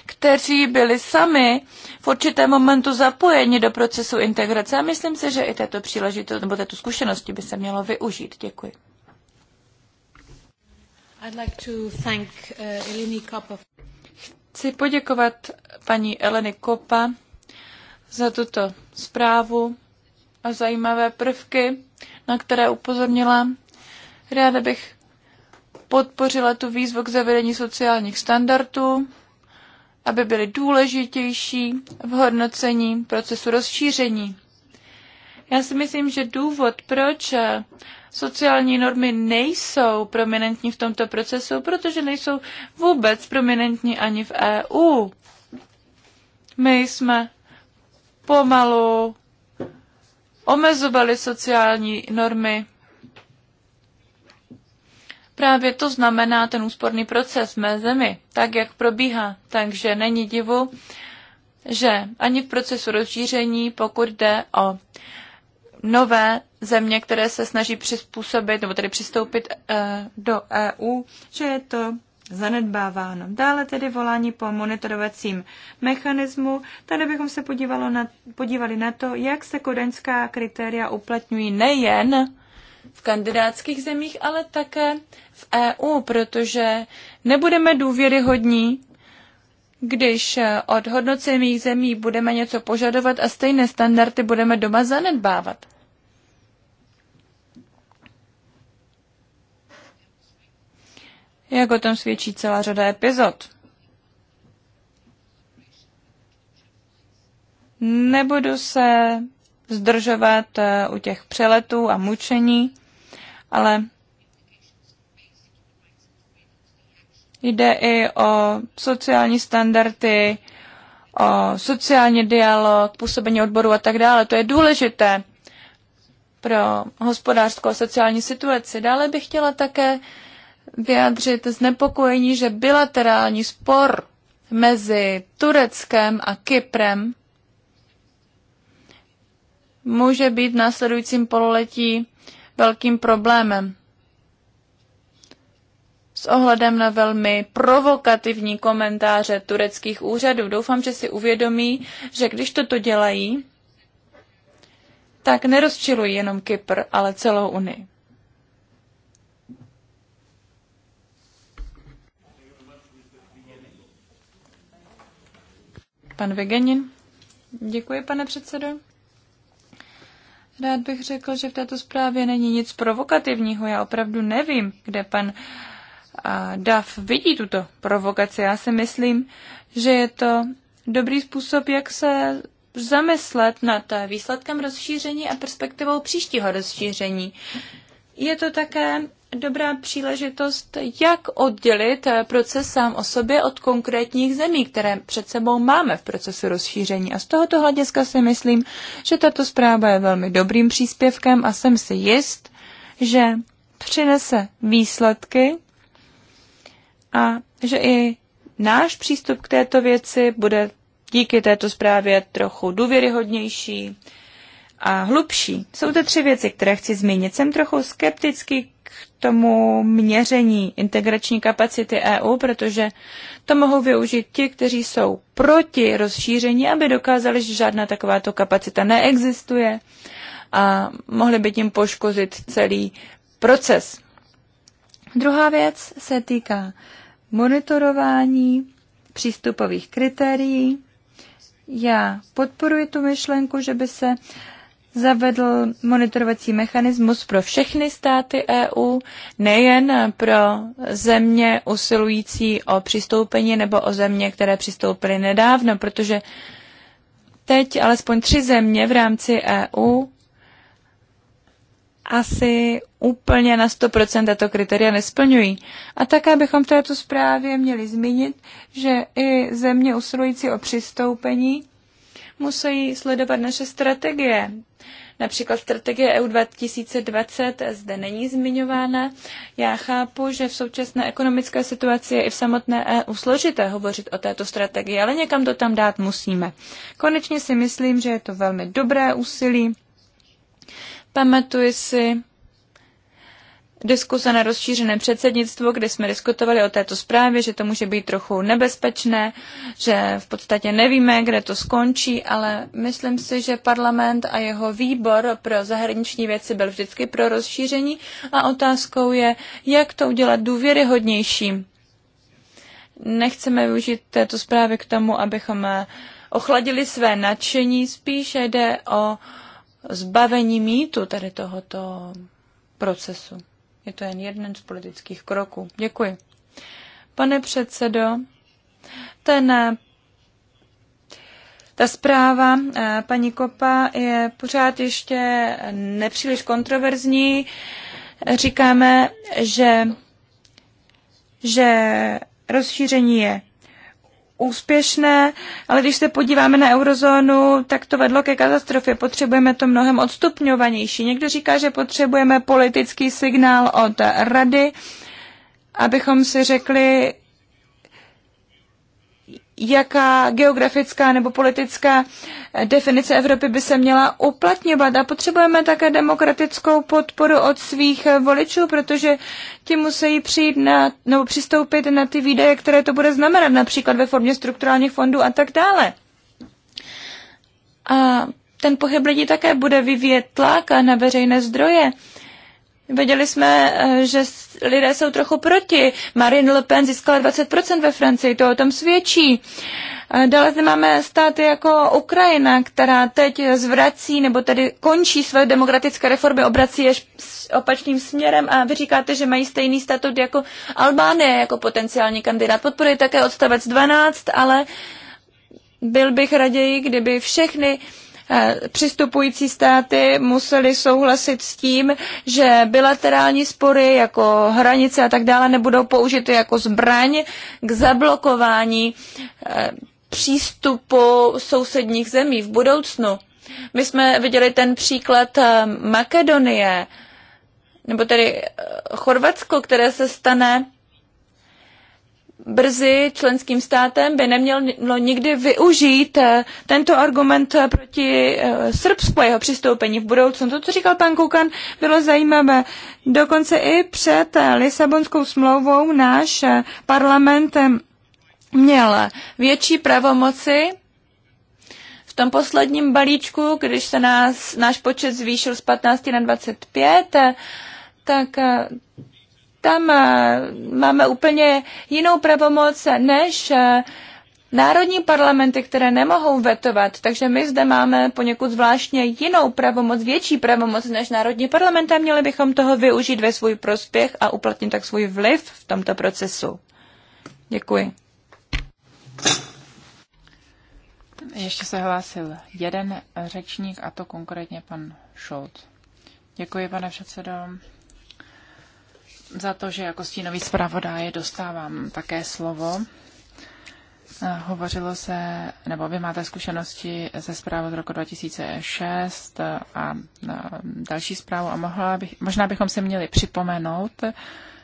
kteří byli sami v určitém momentu zapojeni do procesu integrace. A myslím si, že i této příležitost nebo této zkušenosti by se mělo využít. Děkuji. I'd like to thank, uh, Chci poděkovat paní Eleny Kopa za tuto zprávu a zajímavé prvky, na které upozornila. Ráda bych podpořila tu výzvu k zavedení sociálních standardů, aby byly důležitější v hodnocení procesu rozšíření. Já si myslím, že důvod, proč sociální normy nejsou prominentní v tomto procesu, protože nejsou vůbec prominentní ani v EU. My jsme pomalu omezovaly sociální normy. Právě to znamená ten úsporný proces v mé zemi, tak jak probíhá. Takže není divu, že ani v procesu rozšíření, pokud jde o nové země, které se snaží přizpůsobit nebo tedy přistoupit eh, do EU, že je to zanedbáváno. Dále tedy volání po monitorovacím mechanismu. Tady bychom se podívalo na, podívali na to, jak se kodaňská kritéria uplatňují nejen v kandidátských zemích, ale také v EU, protože nebudeme důvěryhodní, když od hodnocených zemí budeme něco požadovat a stejné standardy budeme doma zanedbávat. jak o tom svědčí celá řada epizod. Nebudu se zdržovat eh, u těch přeletů a mučení, ale jde i o sociální standardy, o sociální dialog, působení odboru a tak dále. To je důležité pro hospodářskou a sociální situaci. Dále bych chtěla také vyjádřit znepokojení, že bilaterální spor mezi Tureckem a Kyprem může být v následujícím pololetí velkým problémem. S ohledem na velmi provokativní komentáře tureckých úřadů doufám, že si uvědomí, že když toto dělají, tak nerozčilují jenom Kypr, ale celou Unii. Pan Vigenin. Děkuji, pane předsedo. Rád bych řekl, že v této zprávě není nic provokativního. Já opravdu nevím, kde pan Duff vidí tuto provokaci. Já si myslím, že je to dobrý způsob, jak se zamyslet nad výsledkem rozšíření a perspektivou příštího rozšíření. Je to také dobrá příležitost, jak oddělit eh, proces sám o sobě od konkrétních zemí, které před sebou máme v procesu rozšíření. A z tohoto hlediska si myslím, že tato zpráva je velmi dobrým příspěvkem a jsem si jist, že přinese výsledky a že i náš přístup k této věci bude díky této zprávě trochu důvěryhodnější a hlubší. Jsou to tři věci, které chci zmínit. Jsem trochu skeptický k tomu měření integrační kapacity EU, protože to mohou využít ti, kteří jsou proti rozšíření, aby dokázali, že žádná takováto kapacita neexistuje a mohli by tím poškozit celý proces. Druhá věc se týká monitorování přístupových kritérií. Já podporuji tu myšlenku, že by se zavedl monitorovací mechanismus pro všechny státy EU, nejen pro země usilující o přistoupení nebo o země, které přistoupily nedávno, protože teď alespoň tři země v rámci EU asi úplně na 100% tato kritéria nesplňují. A také bychom v této zprávě měli zmínit, že i země usilující o přistoupení musí sledovat naše strategie. Například strategie EU 2020 zde není zmiňována. Já chápu, že v současné ekonomické situaci je i v samotné EU složité hovořit o této strategii, ale někam to tam dát musíme. Konečně si myslím, že je to velmi dobré úsilí. Pamatuji si diskuse na rozšířeném předsednictvu, kde jsme diskutovali o této zprávě, že to může být trochu nebezpečné, že v podstatě nevíme, kde to skončí, ale myslím si, že parlament a jeho výbor pro zahraniční věci byl vždycky pro rozšíření a otázkou je, jak to udělat důvěryhodnějším. Nechceme využít této zprávy k tomu, abychom eh, ochladili své nadšení, spíše jde o zbavení mýtu tady tohoto procesu. Je to jen jeden z politických kroků. Děkuji. Pane předsedo, ten eh, ta zpráva eh, paní Kopa je pořád ještě nepříliš kontroverzní. Říkáme, že, že rozšíření je úspěšné, ale když se podíváme na eurozónu, tak to vedlo ke katastrofě. Potřebujeme to mnohem odstupňovanější. Někdo říká, že potřebujeme politický signál od rady, abychom si řekli, jaká geografická nebo politická definice Evropy by se měla uplatňovat. A potřebujeme také demokratickou podporu od svých voličů, protože ti musí přijít na, nebo přistoupit na ty výdaje, které to bude znamenat, například ve formě strukturálních fondů a tak dále. A ten pohyb lidí také bude vyvíjet tlak na veřejné zdroje. Věděli jsme, eh, že lidé jsou trochu proti. Marine Le Pen získala 20% ve Francii, to o tom svědčí. Eh, dále zde máme státy jako Ukrajina, která teď zvrací nebo tedy končí své demokratické reformy, obrací je opačným směrem a vy říkáte, že mají stejný statut jako Albánie jako potenciální kandidát. Podporuje také odstavec 12, ale byl bych raději, kdyby všechny uh, Eh, přistupující státy musely souhlasit s tím, že bilaterální spory jako hranice a tak dále nebudou použity jako zbraň k zablokování eh, přístupu sousedních zemí v budoucnu. My jsme viděli ten příklad eh, Makedonie, nebo tedy Chorvatsko, které se stane brzy členským státem by nemělo nikdy využít eh, tento argument eh, proti eh, Srbsku a jeho přistoupení v budoucnu. To, co říkal pan Kukan, bylo zajímavé. Dokonce i před Lisabonskou smlouvou náš parlament měl větší pravomoci v tom posledním balíčku, když se nás, náš počet zvýšil z 15 na 25, tak tam eh, máme úplně jinou pravomoc než eh, národní parlamenty, které nemohou vetovat. Takže my zde máme poněkud zvláštně jinou pravomoc, větší pravomoc než národní parlament a měli bychom toho využít ve svůj prospěch a uplatnit tak svůj vliv v tomto procesu. Děkuji. Ještě se hlásil jeden řečník, a to konkrétně pan Šolt. Děkuji, pane předsedo za to, že jako stínový zpravodaj dostávám také slovo. Hovořilo se, nebo vy máte zkušenosti ze zprávy z roku 2006 a další zprávu a mohla bych, možná bychom si měli připomenout,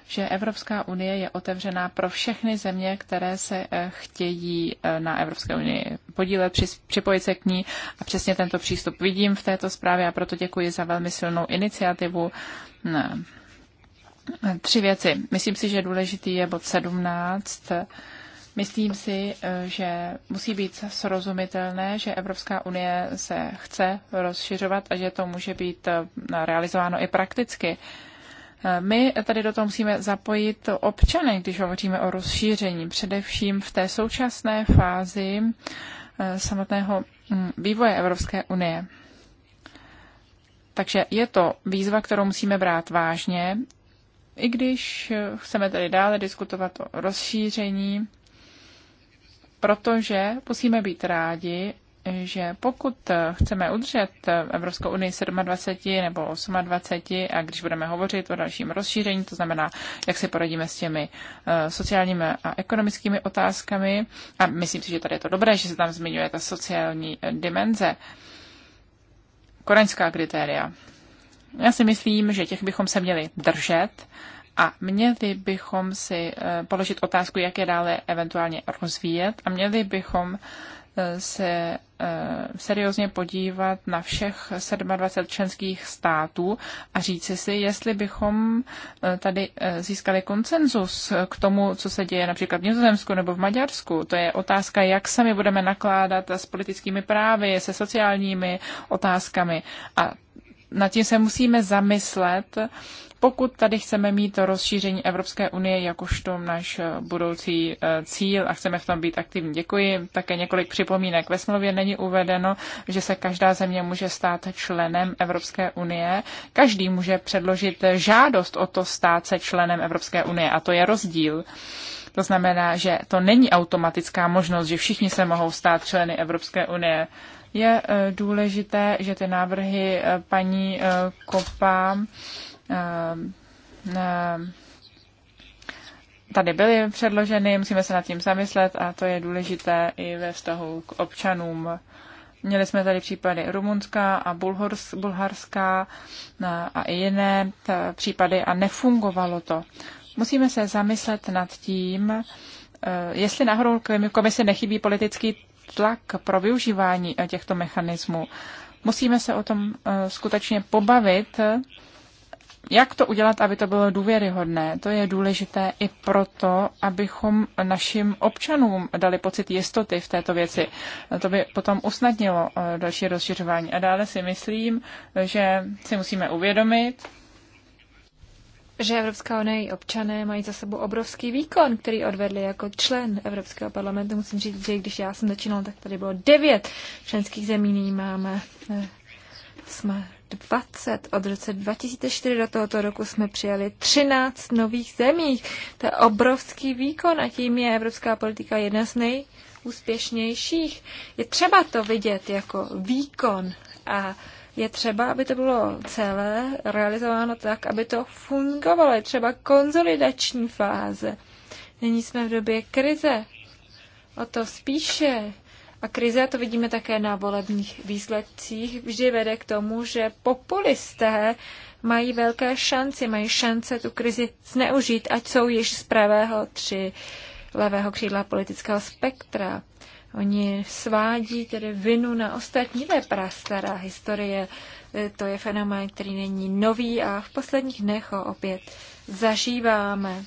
že Evropská unie je otevřená pro všechny země, které se eh, chtějí eh, na Evropské unii podílet, připojit se k ní a přesně tento přístup vidím v této zprávě a proto děkuji za velmi silnou iniciativu Tři věci. Myslím si, že důležitý je bod 17. Myslím si, eh, že musí být srozumitelné, že Evropská unie se chce rozšiřovat a že to může být eh, realizováno i prakticky. Eh, my tady do toho musíme zapojit občany, když hovoříme o rozšíření, především v té současné fázi samotného mm, vývoje Evropské unie. Takže je to výzva, kterou musíme brát vážně i když chceme tady dále diskutovat o rozšíření, protože musíme být rádi, že pokud chceme udržet Evropskou unii 27 nebo 28 a když budeme hovořit o dalším rozšíření, to znamená, jak se poradíme s těmi eh, sociálními a ekonomickými otázkami, a myslím si, že tady je to dobré, že se tam zmiňuje ta sociální eh, dimenze, koreňská kritéria. Já si myslím, že těch bychom se měli držet a měli bychom si eh, položit otázku, jak je dále eventuálně rozvíjet a měli bychom eh, se eh, seriózně podívat na všech 27 členských států a říci si, jestli bychom tady získali konsenzus k tomu, co se děje například v Nizozemsku nebo v Maďarsku. To je otázka, jak sami budeme nakládat s politickými právy, se sociálními otázkami. A nad tím se musíme zamyslet, pokud tady chceme mít to rozšíření Evropské unie jakožto náš eh, budoucí eh, cíl a chceme v tom být aktivní. Děkuji. Také několik připomínek. Ve smlouvě není uvedeno, že se každá země může stát členem Evropské unie. Každý může předložit žádost o to stát se členem Evropské unie a to je rozdíl. To znamená, že to není automatická možnost, že všichni se mohou stát členy Evropské unie. Je eh, důležité, že ty návrhy eh, paní eh, Kopa tady byly předloženy, musíme se nad tím zamyslet a to je důležité i ve vztahu k občanům. Měli jsme tady případy Rumunská a Bulharská a i jiné případy a nefungovalo to. Musíme se zamyslet nad tím, jestli náhodou komisi nechybí politický tlak pro využívání eh, těchto mechanismů. Musíme se o tom eh, skutečně pobavit, jak to udělat, aby to bylo důvěryhodné? To je důležité i proto, abychom našim občanům dali pocit jistoty v této věci. To by potom usnadnilo eh, další rozšiřování. A dále si myslím, že si musíme uvědomit, že Evropská unie i občané mají za sebou obrovský výkon, který odvedli jako člen Evropského parlamentu. Musím říct, že když já jsem začínal, tak tady bylo devět členských zemí, nyní máme eh, jsme 20. Od roce 2004 do tohoto roku jsme přijali 13 nových zemí. To je obrovský výkon a tím je evropská politika jedna z nejúspěšnějších. Je třeba to vidět jako výkon a je třeba, aby to bylo celé realizováno tak, aby to fungovalo. Je třeba konzolidační fáze. Nyní jsme v době krize. O to spíše. A krize, to vidíme také na volebních výsledcích, vždy vede k tomu, že populisté mají velké šance, mají šance tu krizi zneužít, ať jsou již z pravého tři levého křídla politického spektra. Oni svádí tedy vinu na ostatní, to je prastará historie. E, to je fenomén, který není nový a v posledních dnech ho opět zažíváme.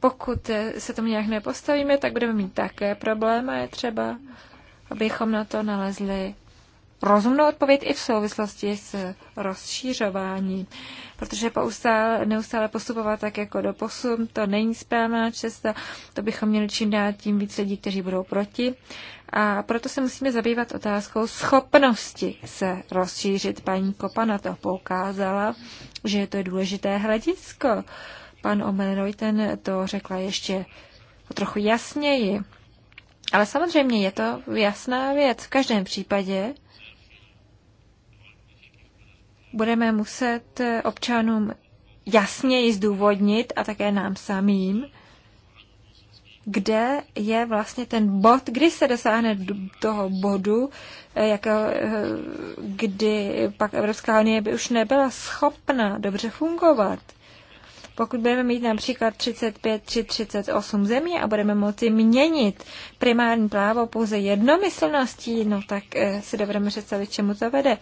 Pokud e, se tomu nějak nepostavíme, tak budeme mít také problémy. Je třeba, abychom na to nalezli rozumnou odpověď i v souvislosti s rozšířováním. Protože poustále, neustále postupovat tak jako do posun, to není správná cesta, to bychom měli čím dát tím víc lidí, kteří budou proti. A proto se musíme zabývat otázkou schopnosti se rozšířit. Paní Kopa na to poukázala, že je to důležité hledisko. Pan Omenroy ten to řekla ještě trochu jasněji. Ale samozřejmě je to jasná věc. V každém případě budeme muset občanům jasněji zdůvodnit a také nám samým, kde je vlastně ten bod, kdy se dosáhne toho bodu, eh, jako, eh, kdy pak Evropská unie by už nebyla schopna dobře fungovat. Pokud budeme mít například 35 či 38 zemí a budeme moci měnit primární právo pouze jednomyslností, no tak eh, si dovedeme představit, čemu to vede.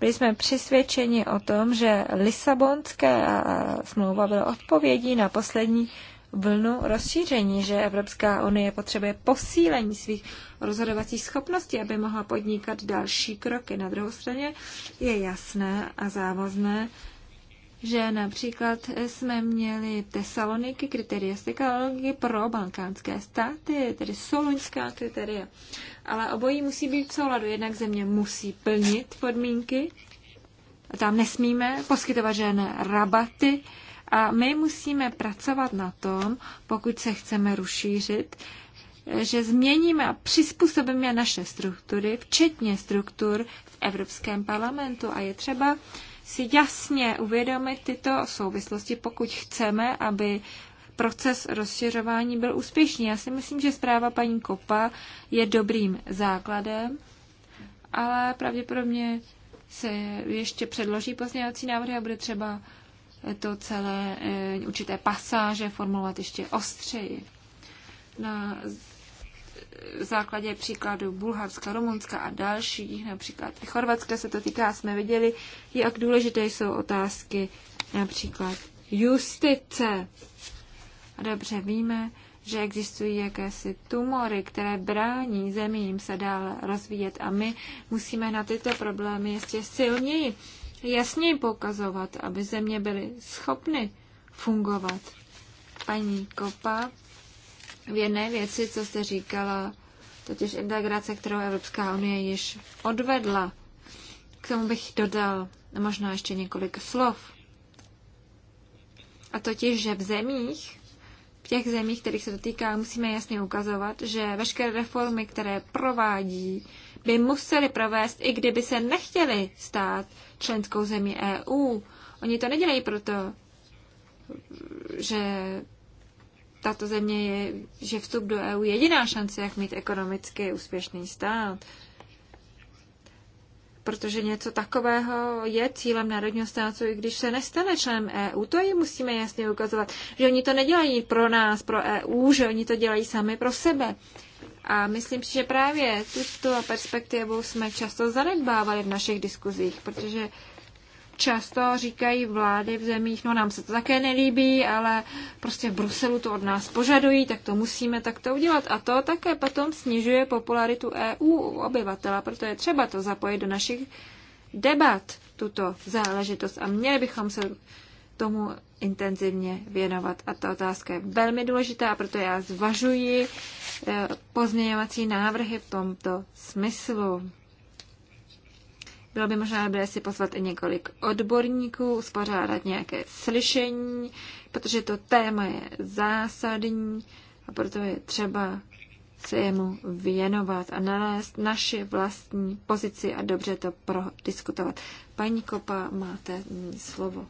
Byli jsme přisvědčeni o tom, že Lisabonská smlouva byla odpovědí na poslední vlnu rozšíření, že Evropská unie potřebuje posílení svých rozhodovacích schopností, aby mohla podnikat další kroky. Na druhou straně je jasné a závazné, že například jsme měli Tesaloniky, kritéria Tesaloniky pro balkánské státy, tedy soluňská kritéria. Ale obojí musí být v souladu. Jednak země musí plnit podmínky, tam nesmíme poskytovat žádné rabaty a my musíme pracovat na tom, pokud se chceme rozšířit, že změníme a přizpůsobíme naše struktury, včetně struktur v Evropském parlamentu. A je třeba si jasně uvědomit tyto souvislosti, pokud chceme, aby proces rozšiřování byl úspěšný. Já si myslím, že zpráva paní Kopa je dobrým základem, ale pravděpodobně se ještě předloží pozměňovací návrhy a bude třeba to celé eh, určité pasáže formulovat ještě ostřeji. Na v základě příkladu Bulharska, Rumunska a dalších, například i Chorvatska se to týká, jsme viděli, jak důležité jsou otázky například justice. A dobře víme, že existují jakési tumory, které brání zemím se dál rozvíjet a my musíme na tyto problémy ještě silněji, jasněji poukazovat, aby země byly schopny fungovat. Paní Kopa v jedné věci, co jste říkala, totiž integrace, kterou Evropská unie již odvedla. K tomu bych dodal možná ještě několik slov. A totiž, že v zemích, v těch zemích, kterých se dotýká, musíme jasně ukazovat, že veškeré reformy, které provádí, by museli provést, i kdyby se nechtěli stát členskou zemí EU. Oni to nedělají proto, že tato země je, že vstup do EU je jediná šance, jak mít ekonomicky úspěšný stát. Protože něco takového je cílem národního státu, i když se nestane členem EU. To jim musíme jasně ukazovat, že oni to nedělají pro nás, pro EU, že oni to dělají sami pro sebe. A myslím si, že právě tuto perspektivu jsme často zanedbávali v našich diskuzích, protože často říkají vlády v zemích, no nám se to také nelíbí, ale prostě v Bruselu to od nás požadují, tak to musíme takto udělat. A to také potom snižuje popularitu EU u obyvatela, proto je třeba to zapojit do našich debat, tuto záležitost. A měli bychom se tomu intenzivně věnovat. A ta otázka je velmi důležitá, a proto já zvažuji eh, pozměňovací návrhy v tomto smyslu. Bylo by možná dobré si pozvat i několik odborníků, uspořádat nějaké slyšení, protože to téma je zásadní a proto je třeba se jemu věnovat a nalézt naši vlastní pozici a dobře to prodiskutovat. Paní Kopa, máte slovo.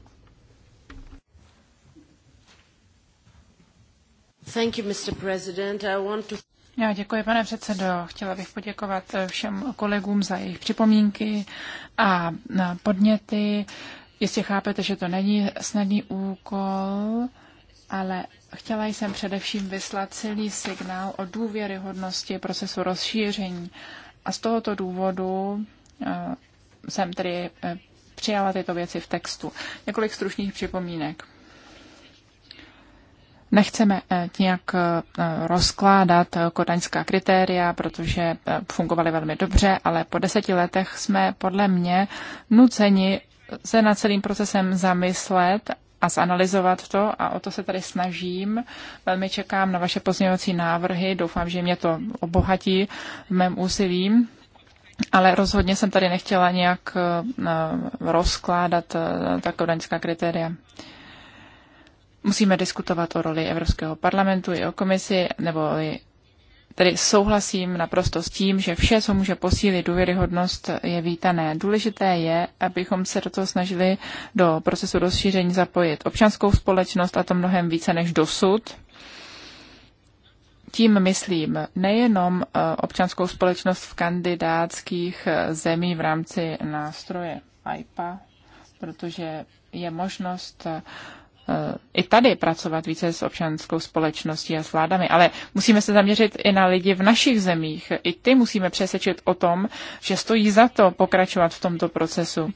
Thank you, Mr. President. I want to... Já děkuji, pane předsedo. Chtěla bych poděkovat eh, všem kolegům za jejich připomínky a eh, podněty. Jestli chápete, že to není snadný úkol, ale chtěla jsem především vyslat silný signál o důvěryhodnosti procesu rozšíření. A z tohoto důvodu eh, jsem tedy přijala tyto věci v textu. Několik stručných připomínek. Nechceme eh, nějak eh, rozkládat eh, kodaňská kritéria, protože fungovaly velmi dobře, ale po deseti letech jsme podle mě nuceni se nad celým procesem zamyslet a zanalizovat to a o to se tady snažím. Velmi čekám na vaše pozměňovací návrhy, doufám, že mě to obohatí v mém úsilí. Ale rozhodně jsem tady nechtěla nějak rozkládat taková kodaňská kritéria musíme diskutovat o roli Evropského parlamentu i o komisi, nebo tedy souhlasím naprosto s tím, že vše, co může posílit důvěryhodnost, je vítané. Důležité je, abychom se do toho snažili do procesu rozšíření zapojit občanskou společnost a to mnohem více než dosud. Tím myslím nejenom eh, občanskou společnost v kandidátských eh, zemí v rámci nástroje IPA, protože je možnost eh, i tady pracovat více s občanskou společností a s vládami, ale musíme se zaměřit i na lidi v našich zemích. I ty musíme přesvědčit o tom, že stojí za to pokračovat v tomto procesu.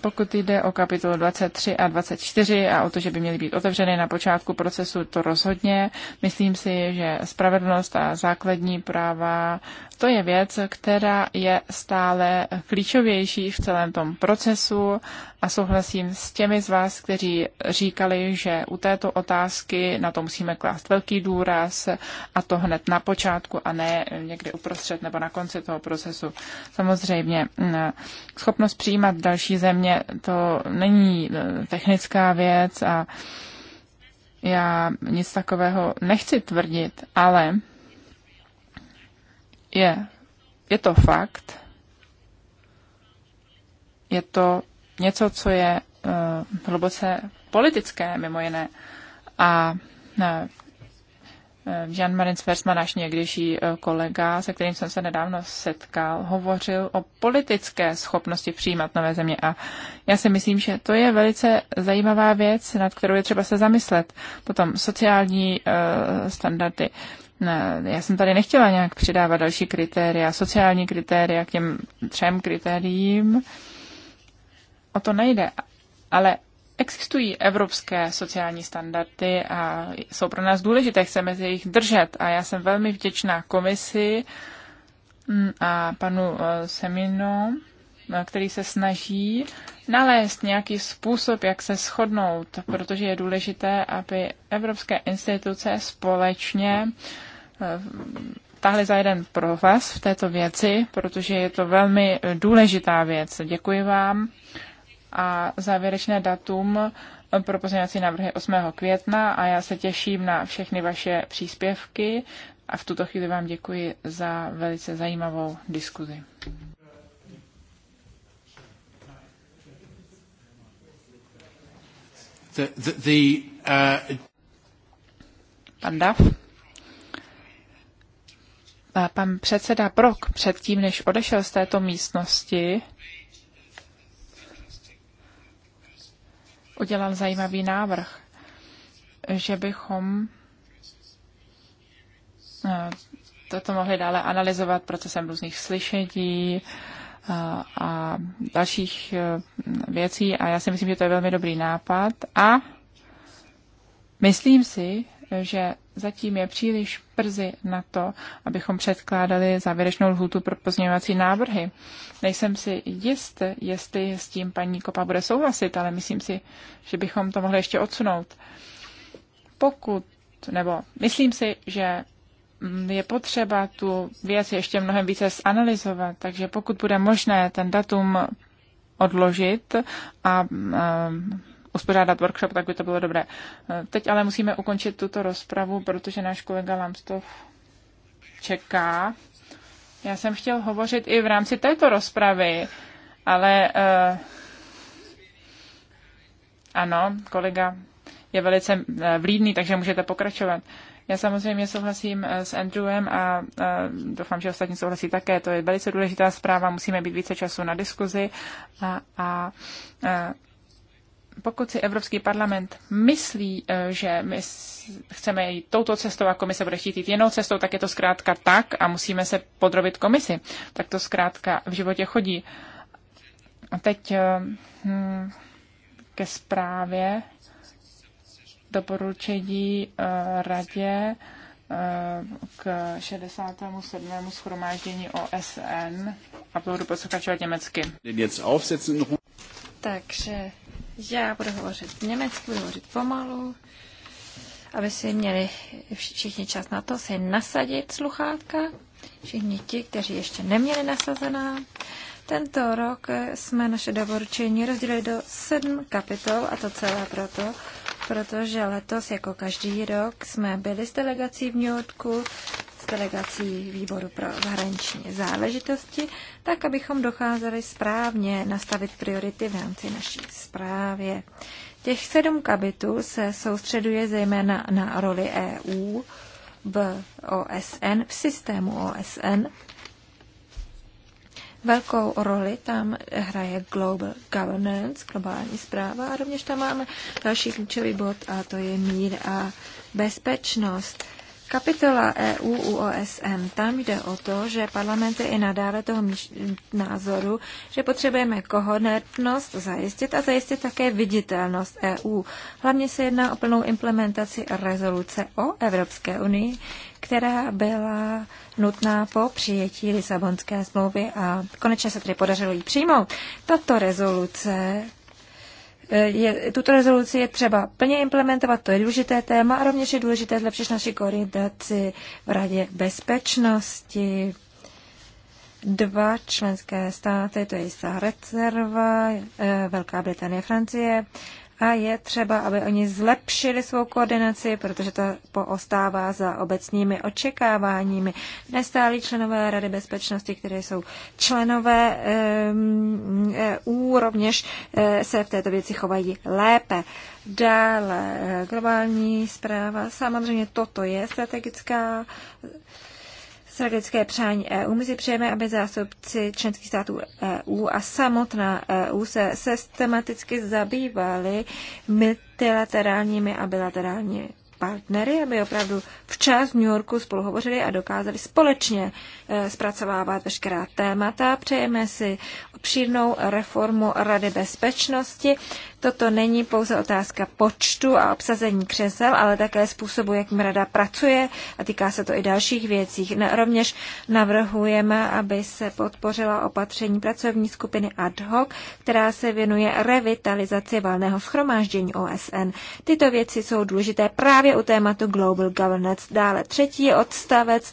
Pokud jde o kapitolu 23 a 24 a o to, že by měly být otevřeny na počátku procesu, to rozhodně. Myslím si, že spravedlnost a základní práva to je věc, která je stále klíčovější v celém tom procesu a souhlasím s těmi z vás, kteří říkali, že u této otázky na to musíme klást velký důraz a to hned na počátku a ne někdy uprostřed nebo na konci toho procesu. Samozřejmě mm, schopnost přijímat další země to není eh, technická věc a já nic takového nechci tvrdit, ale je, je to fakt, je to něco, co je uh, hluboce politické, mimo jiné. A uh, eh, eh, Jean-Marin Sversman, náš někdejší kolega, se kterým jsem se nedávno setkal, hovořil o politické schopnosti přijímat nové země. A já si myslím, že to je velice zajímavá věc, nad kterou je třeba se zamyslet. Potom sociální uh, standardy. Uh, já jsem tady nechtěla nějak přidávat další kritéria, sociální kritéria k těm třem kritériím. O to nejde. Ale existují evropské sociální standardy a jsou pro nás důležité, chceme se jich držet. A já jsem velmi vděčná komisi mm, a panu eh, Semino, eh, který se snaží nalézt nějaký způsob, jak se shodnout, protože je důležité, aby evropské instituce společně uh, tahli za jeden pro vás v této věci, protože je to velmi důležitá věc. Děkuji vám a závěrečné datum pro pozměňovací návrhy 8. května a já se těším na všechny vaše příspěvky a v tuto chvíli vám děkuji za velice zajímavou diskuzi. The, the, the, uh... Pan Duff pan předseda Brok předtím, než odešel z této místnosti, udělal zajímavý návrh, že bychom eh, toto mohli dále analyzovat procesem různých slyšení eh, a dalších eh, věcí a já si myslím, že to je velmi dobrý nápad a myslím si, že Zatím je příliš przy na to, abychom předkládali závěrečnou lhůtu pro pozměňovací návrhy. Nejsem si jist, jestli s tím paní Kopa bude souhlasit, ale myslím si, že bychom to mohli ještě odsunout. Pokud, nebo myslím si, že je potřeba tu věc ještě mnohem více zanalizovat, takže pokud bude možné ten datum odložit a uspořádat workshop, tak by to bylo dobré. Eh, teď ale musíme ukončit tuto rozpravu, protože náš kolega Lamstov čeká. Já jsem chtěl hovořit i v rámci této rozpravy, ale uh, ano, kolega je velice eh, vlídný, takže můžete pokračovat. Já samozřejmě souhlasím s Andrewem a doufám, že ostatní souhlasí také. To je velice důležitá zpráva, musíme být více času na diskuzi a, a, a pokud si Evropský parlament myslí, eh, že my chceme jít touto cestou a komise bude chtít jít jinou cestou, tak je to zkrátka tak a musíme se podrobit komisi. Tak to zkrátka v životě chodí. A teď eh, hm, ke zprávě doporučení eh, radě eh, k 67. schromáždění OSN a budu pokračovat německy. Takže já budu hovořit německy, budu hovořit pomalu, aby si měli všichni čas na to si nasadit sluchátka. Všichni ti, kteří ještě neměli nasazená. Tento rok jsme naše doporučení rozdělili do sedm kapitol a to celé proto, protože letos, jako každý rok, jsme byli s delegací v New Yorku, delegací výboru pro zahraniční záležitosti, tak abychom docházeli správně nastavit priority v rámci naší zprávě. Těch sedm kabitů se soustředuje zejména na roli EU v OSN, v systému OSN. Velkou roli tam hraje Global Governance, globální zpráva a rovněž tam máme další klíčový bod a to je mír a bezpečnost. Kapitola EU u OSN, tam jde o to, že parlament je i nadále toho názoru, že potřebujeme kohonetnost zajistit a zajistit také viditelnost EU. Hlavně se jedná o plnou implementaci rezoluce o Evropské unii, která byla nutná po přijetí Lisabonské smlouvy a konečně se tedy podařilo ji přijmout. Tato rezoluce Eh, je, tuto rezoluci je třeba plně implementovat, to je důležité téma a rovněž je důležité zlepšit naši koordinaci v Radě bezpečnosti. Dva členské státy, to je jistá rezerva, eh, Velká Británie a Francie, a je třeba, aby oni zlepšili svou koordinaci, protože to poostává za obecními očekáváními. Nestálí členové Rady bezpečnosti, které jsou členové EU, e rovněž e, se v této věci chovají lépe. Dále e, globální zpráva. Samozřejmě toto je strategická Strategické přání EU. My si přejeme, aby zástupci členských států EU a samotná EU se systematicky zabývali multilaterálními a bilaterálními partnery, aby opravdu včas v New Yorku spolu hovořili a dokázali společně eh, zpracovávat veškerá témata. Přejeme si obšírnou reformu Rady bezpečnosti. Toto není pouze otázka počtu a obsazení křesel, ale také způsobu, jakým Rada pracuje a týká se to i dalších věcí. Rovněž navrhujeme, aby se podpořila opatření pracovní skupiny ad hoc, která se věnuje revitalizaci valného schromáždění OSN. Tyto věci jsou důležité právě právě u tématu Global Governance. Dále třetí odstavec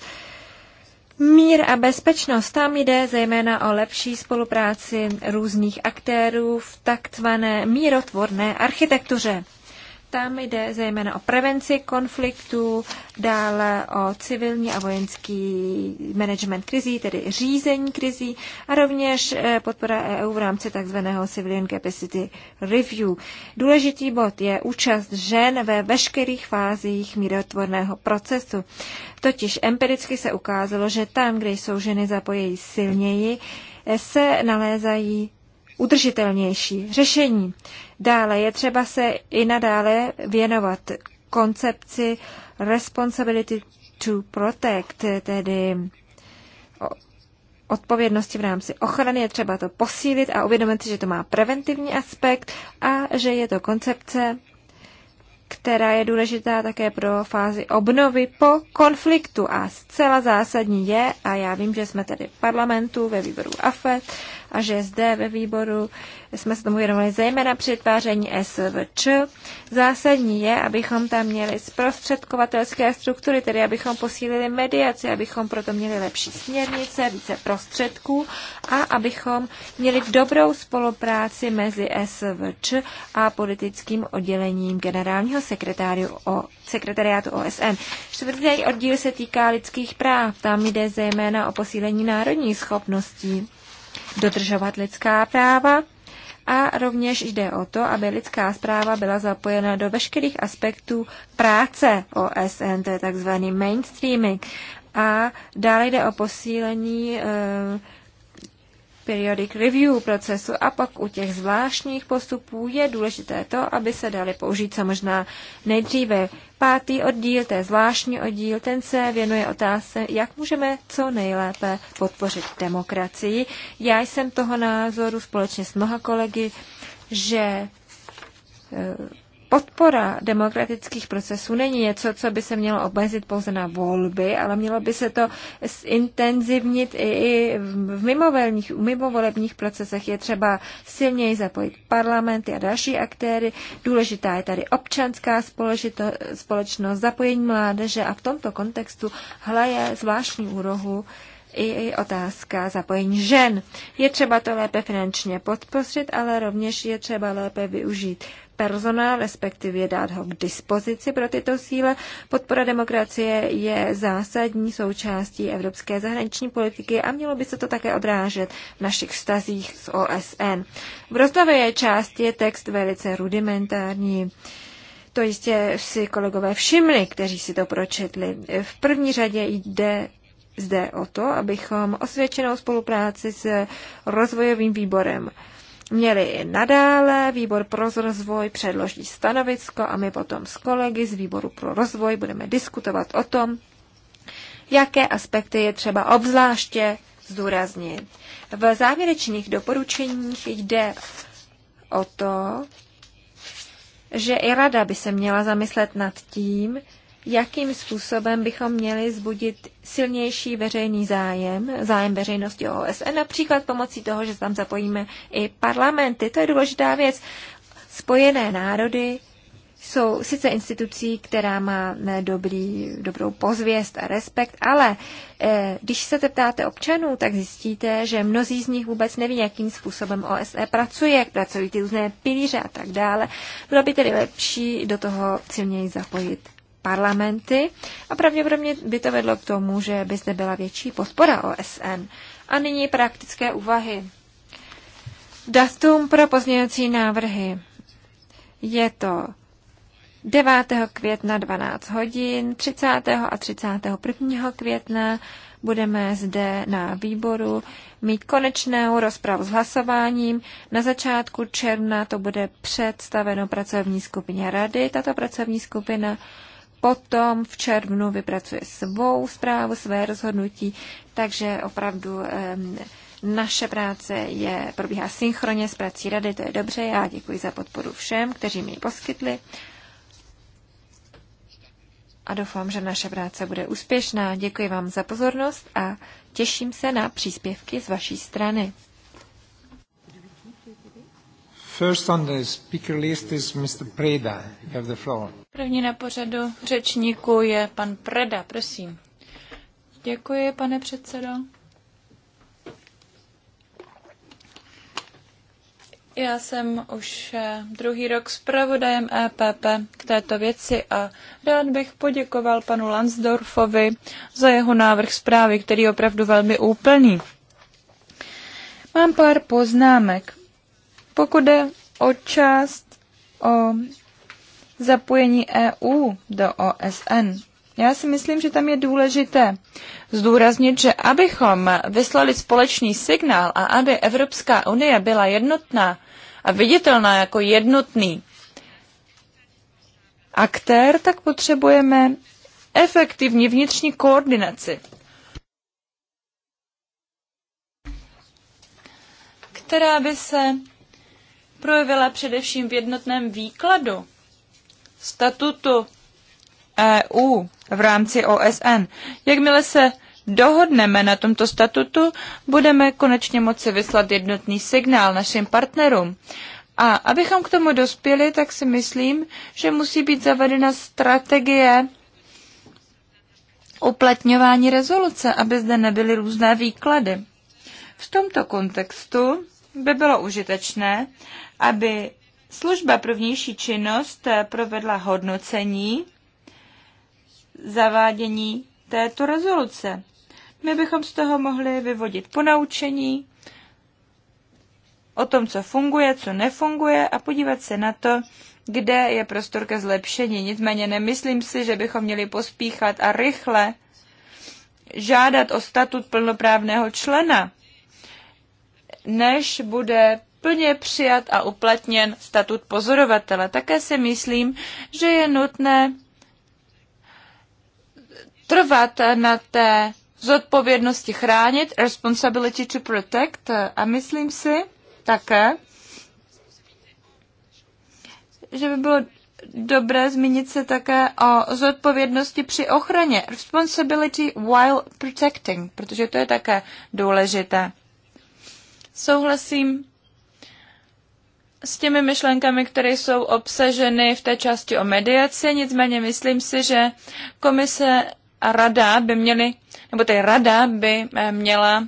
Mír a bezpečnost. Tam jde zejména o lepší spolupráci různých aktérů v takzvané mírotvorné architektuře. Tam jde zejména o prevenci konfliktů, dále o civilní a vojenský management krizí, tedy řízení krizí a rovněž eh, podpora EU v rámci tzv. Civilian Capacity Review. Důležitý bod je účast žen ve veškerých fázích mírotvorného procesu. Totiž empiricky se ukázalo, že tam, kde jsou ženy zapojejí silněji, eh, se nalézají udržitelnější řešení. Dále je třeba se i nadále věnovat koncepci responsibility to protect, tedy odpovědnosti v rámci ochrany, je třeba to posílit a uvědomit si, že to má preventivní aspekt a že je to koncepce, která je důležitá také pro fázi obnovy po konfliktu a zcela zásadní je, a já vím, že jsme tady v parlamentu, ve výboru AFE, a že zde ve výboru jsme se tomu věnovali zejména při tváření SVČ. Zásadní je, abychom tam měli zprostředkovatelské struktury, tedy abychom posílili mediaci, abychom proto měli lepší směrnice, více prostředků a abychom měli dobrou spolupráci mezi SVČ a politickým oddělením generálního o, sekretariátu OSN. Čtvrtý oddíl se týká lidských práv. Tam jde zejména o posílení národních schopností dodržovat lidská práva a rovněž jde o to, aby lidská zpráva byla zapojena do veškerých aspektů práce OSN, to je takzvaný mainstreaming. A dále jde o posílení e, periodic review procesu a pak u těch zvláštních postupů je důležité to, aby se dali použít co možná nejdříve. Pátý oddíl, to je zvláštní oddíl, ten se věnuje otázce, jak můžeme co nejlépe podpořit demokracii. Já jsem toho názoru společně s mnoha kolegy, že eh, podpora demokratických procesů není něco, co by se mělo obezit pouze na volby, ale mělo by se to zintenzivnit i v mimovolebních, mimovolebních procesech. Je třeba silněji zapojit parlamenty a další aktéry. Důležitá je tady občanská společnost, zapojení mládeže a v tomto kontextu hleje zvláštní úrohu i otázka zapojení žen. Je třeba to lépe finančně podpořit, ale rovněž je třeba lépe využít personál, respektive dát ho k dispozici pro tyto síle. Podpora demokracie je zásadní součástí evropské zahraniční politiky a mělo by se to také odrážet v našich vztazích s OSN. V rozpravě části je text velice rudimentární. To jistě si kolegové všimli, kteří si to pročetli. V první řadě jde zde o to, abychom osvědčenou spolupráci s rozvojovým výborem měli i nadále. Výbor pro rozvoj předloží stanovisko a my potom s kolegy z výboru pro rozvoj budeme diskutovat o tom, jaké aspekty je třeba obzvláště zdůraznit. V závěrečných doporučeních jde o to, že i rada by se měla zamyslet nad tím, jakým způsobem bychom měli zbudit silnější veřejný zájem, zájem veřejnosti o OSN, například pomocí toho, že tam zapojíme i parlamenty. To je důležitá věc. Spojené národy jsou sice institucí, která má dobrý, dobrou pozvěst a respekt, ale e, když se zeptáte občanů, tak zjistíte, že mnozí z nich vůbec neví, jakým způsobem OSE pracuje, jak pracují ty různé pilíře a tak dále. Bylo by tedy lepší do toho silněji zapojit parlamenty a pravděpodobně by to vedlo k tomu, že by zde byla větší podpora OSN. A nyní praktické úvahy. Datum pro pozměňovací návrhy. Je to 9. května 12 hodin, 30. a 31. května budeme zde na výboru mít konečnou rozpravu s hlasováním. Na začátku června to bude představeno pracovní skupině rady. Tato pracovní skupina potom v červnu vypracuje svou zprávu, své rozhodnutí, takže opravdu naše práce je, probíhá synchronně s prací rady, to je dobře. Já děkuji za podporu všem, kteří mi ji poskytli a doufám, že naše práce bude úspěšná. Děkuji vám za pozornost a těším se na příspěvky z vaší strany. First on the speaker list is Mr. Preda. You have the floor. První na pořadu řečníku je pan Preda, prosím. Děkuji, pane předsedo. Já jsem už eh, druhý rok pravodajem EPP k této věci a rád bych poděkoval panu Lansdorfovi za jeho návrh zprávy, který je opravdu velmi úplný. Mám pár poznámek. Pokud jde o část o zapojení EU do OSN. Já si myslím, že tam je důležité zdůraznit, že abychom vyslali společný signál a aby Evropská unie byla jednotná a viditelná jako jednotný aktér, tak potřebujeme efektivní vnitřní koordinaci, která by se projevila především v jednotném výkladu statutu EU v rámci OSN. Jakmile se dohodneme na tomto statutu, budeme konečně moci vyslat jednotný signál našim partnerům. A abychom k tomu dospěli, tak si myslím, že musí být zavedena strategie uplatňování rezoluce, aby zde nebyly různé výklady. V tomto kontextu by bylo užitečné, aby Služba pro vnější činnost eh, provedla hodnocení zavádění této rezoluce. My bychom z toho mohli vyvodit ponaučení o tom, co funguje, co nefunguje a podívat se na to, kde je prostor ke zlepšení. Nicméně nemyslím si, že bychom měli pospíchat a rychle žádat o statut plnoprávného člena, než bude plně přijat a uplatněn statut pozorovatele. Také si myslím, že je nutné trvat na té zodpovědnosti chránit, responsibility to protect, a myslím si také, že by bylo dobré zmínit se také o zodpovědnosti při ochraně, responsibility while protecting, protože to je také důležité. Souhlasím s těmi myšlenkami, které jsou obsaženy v té části o mediaci, nicméně myslím si, že komise a rada by měly, nebo tady rada by eh, měla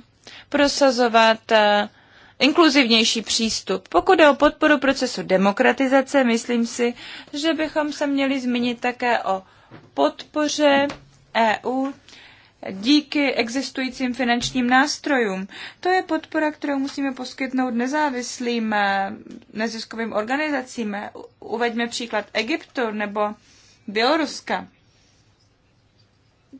prosazovat eh, inkluzivnější přístup. Pokud je o podporu procesu demokratizace, myslím si, že bychom se měli zmínit také o podpoře EU díky existujícím finančním nástrojům. To je podpora, kterou musíme poskytnout nezávislým eh, neziskovým organizacím. Uveďme příklad Egyptu nebo Běloruska.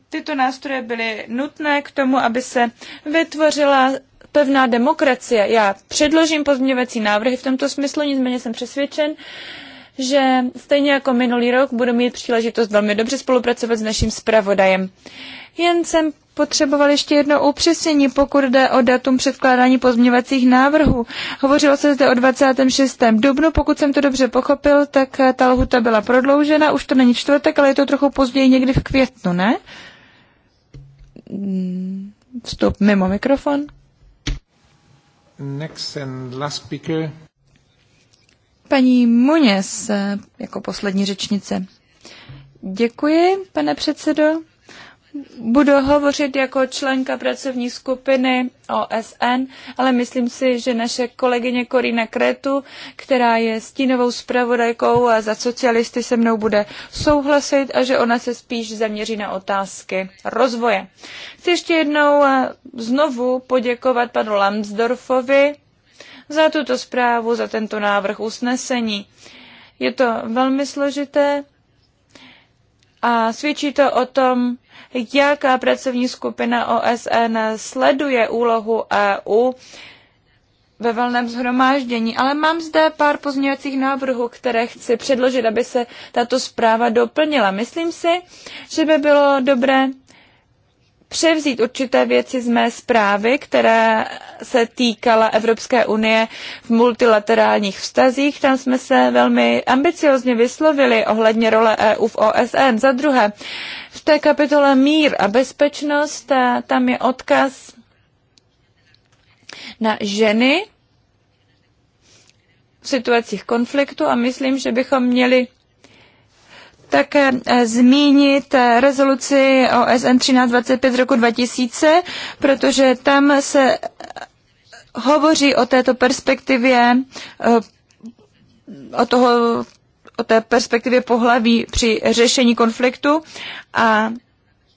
Tyto nástroje byly nutné k tomu, aby se vytvořila pevná demokracie. Já předložím pozměňovací návrhy v tomto smyslu, nicméně jsem přesvědčen, že stejně jako minulý rok budu mít příležitost velmi dobře spolupracovat s naším zpravodajem. Jen jsem potřeboval ještě jedno upřesnění, pokud jde o datum předkládání pozměňovacích návrhů. Hovořilo se zde o 26. dubnu, pokud jsem to dobře pochopil, tak ta lhuta byla prodloužena, už to není čtvrtek, ale je to trochu později někdy v květnu, ne? Vstup mimo mikrofon. Next and last speaker. Paní Muněs eh, jako poslední řečnice. Děkuji, pane předsedo. Budu hovořit jako členka pracovní skupiny OSN, ale myslím si, že naše kolegyně Korina Kretu, která je stínovou zpravodajkou a za socialisty se mnou bude souhlasit a že ona se spíš zaměří na otázky rozvoje. Chci ještě jednou eh, znovu poděkovat panu Lambsdorfovi za tuto zprávu, za tento návrh usnesení. Je to velmi složité a svědčí to o tom, jaká pracovní skupina OSN sleduje úlohu EU ve valném zhromáždění, ale mám zde pár pozměňovacích návrhů, které chci předložit, aby se tato zpráva doplnila. Myslím si, že by bylo dobré převzít určité věci z mé zprávy, které se týkala Evropské unie v multilaterálních vztazích. Tam jsme se velmi ambiciozně vyslovili ohledně role EU v OSN. Za druhé, v té kapitole mír a bezpečnost, eh, tam je odkaz na ženy v situacích konfliktu a myslím, že bychom měli také eh, zmínit eh, rezoluci OSN 1325 z roku 2000, protože tam se eh, hovoří o této perspektivě, o, toho, o té perspektivě pohlaví při řešení konfliktu a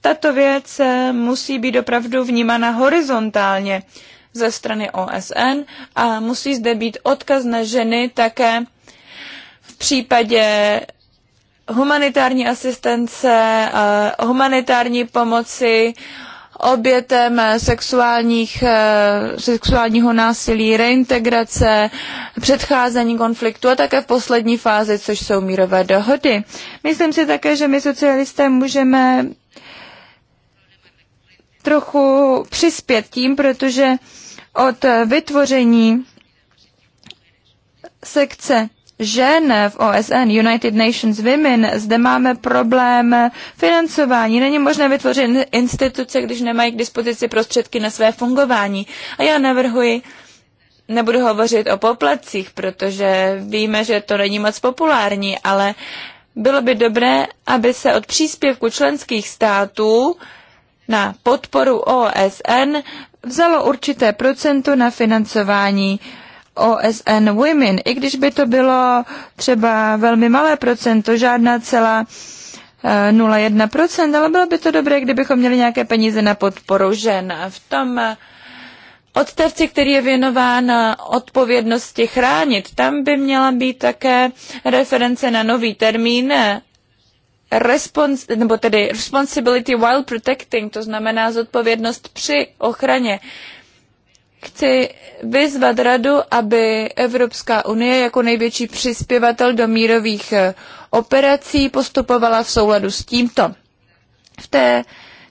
tato věc musí být opravdu vnímána horizontálně ze strany OSN a musí zde být odkaz na ženy také v případě humanitární asistence, eh, humanitární pomoci obětem sexuálních, eh, sexuálního násilí, reintegrace, předcházení konfliktu a také v poslední fázi, což jsou mírové dohody. Myslím si také, že my socialisté můžeme trochu přispět tím, protože od vytvoření sekce žen v OSN, United Nations Women, zde máme problém financování. Není možné vytvořit instituce, když nemají k dispozici prostředky na své fungování. A já navrhuji, nebudu hovořit o poplatcích, protože víme, že to není moc populární, ale bylo by dobré, aby se od příspěvku členských států na podporu OSN vzalo určité procento na financování uh, OSN Women, i když by to bylo třeba velmi malé procento, žádná celá 0,1%, eh, ale bylo by to dobré, kdybychom měli nějaké peníze na podporu žen. V tom eh, odstavci, který je věnován eh, odpovědnosti chránit, tam by měla být také reference na nový termín respons, nebo tedy responsibility while protecting, to znamená zodpovědnost při ochraně. Chci vyzvat radu, aby Evropská unie jako největší přispěvatel do mírových eh, operací postupovala v souladu s tímto. V té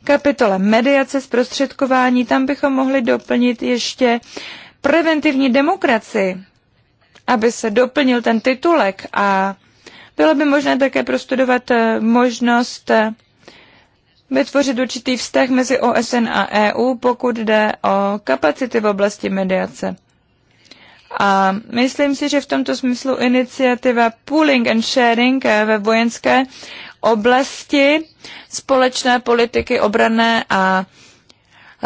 kapitole mediace zprostředkování tam bychom mohli doplnit ještě preventivní demokracii, aby se doplnil ten titulek a bylo by možné také prostudovat eh, možnost eh, vytvořit určitý vztah mezi OSN a EU, pokud jde o kapacity v oblasti mediace. A myslím si, že v tomto smyslu iniciativa Pooling and Sharing eh, ve vojenské oblasti společné politiky obrané a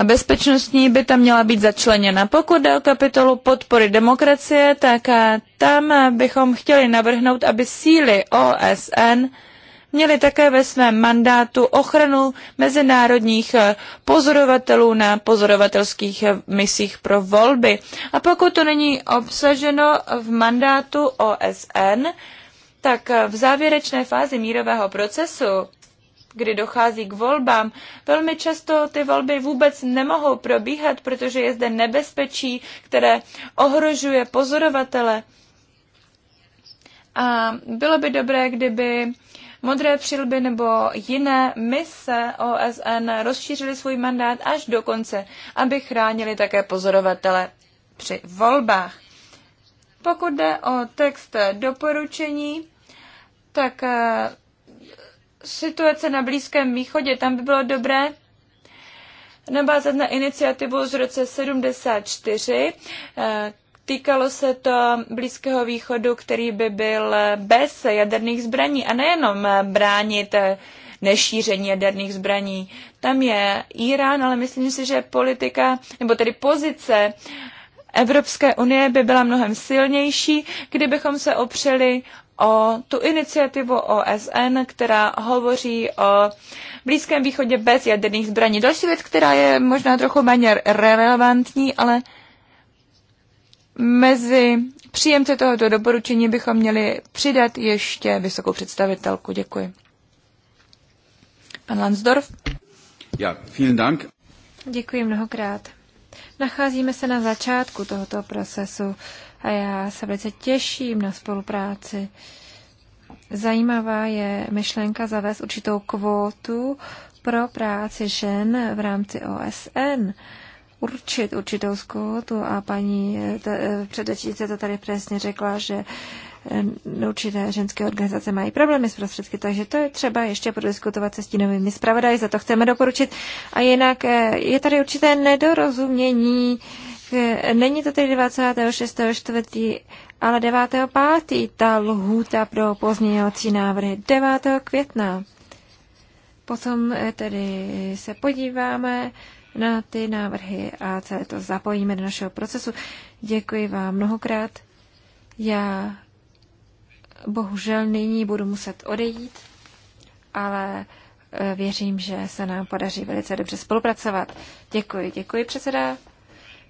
bezpečnostní by tam měla být začleněna. Pokud jde o kapitolu podpory demokracie, tak eh, tam eh, bychom chtěli navrhnout, aby síly OSN měli také ve svém mandátu ochranu mezinárodních eh, pozorovatelů na pozorovatelských eh, misích pro volby. A pokud to není obsaženo v mandátu OSN, tak eh, v závěrečné fázi mírového procesu kdy dochází k volbám. Velmi často ty volby vůbec nemohou probíhat, protože je zde nebezpečí, které ohrožuje pozorovatele. A bylo by dobré, kdyby modré přilby nebo jiné mise OSN rozšířily svůj mandát až do konce, aby chránili také pozorovatele při volbách. Pokud jde o text doporučení, tak eh, situace na Blízkém východě, tam by bylo dobré navázat na iniciativu z roce 74, Týkalo se to Blízkého východu, který by byl bez jaderných zbraní a nejenom bránit nešíření jaderných zbraní. Tam je Irán, ale myslím si, že politika, nebo tedy pozice Evropské unie by byla mnohem silnější, kdybychom se opřeli o tu iniciativu OSN, která hovoří o Blízkém východě bez jaderných zbraní. Další věc, která je možná trochu méně relevantní, ale mezi příjemce tohoto doporučení bychom měli přidat ještě vysokou představitelku. Děkuji. Pan Lansdorf. Ja, vielen Dank. Děkuji mnohokrát. Nacházíme se na začátku tohoto procesu a já se velice těším na spolupráci. Zajímavá je myšlenka zavést určitou kvótu pro práci žen v rámci OSN určit určitou zkótu a paní eh, eh, předřečnice to tady přesně řekla, že eh, určité ženské organizace mají problémy s prostředky, takže to je třeba ještě prodiskutovat se stínovými zpravodaji, za to chceme doporučit. A jinak je tady určité nedorozumění, není to tedy 26. čtvrtý, ale 9. 5. ta lhůta pro pozměňovací návrhy 9. května. Potom tedy se podíváme na ty návrhy a celé to zapojíme do našeho procesu. Děkuji vám mnohokrát. Já bohužel nyní budu muset odejít, ale e, věřím, že se nám podaří velice dobře spolupracovat. Děkuji, děkuji předseda.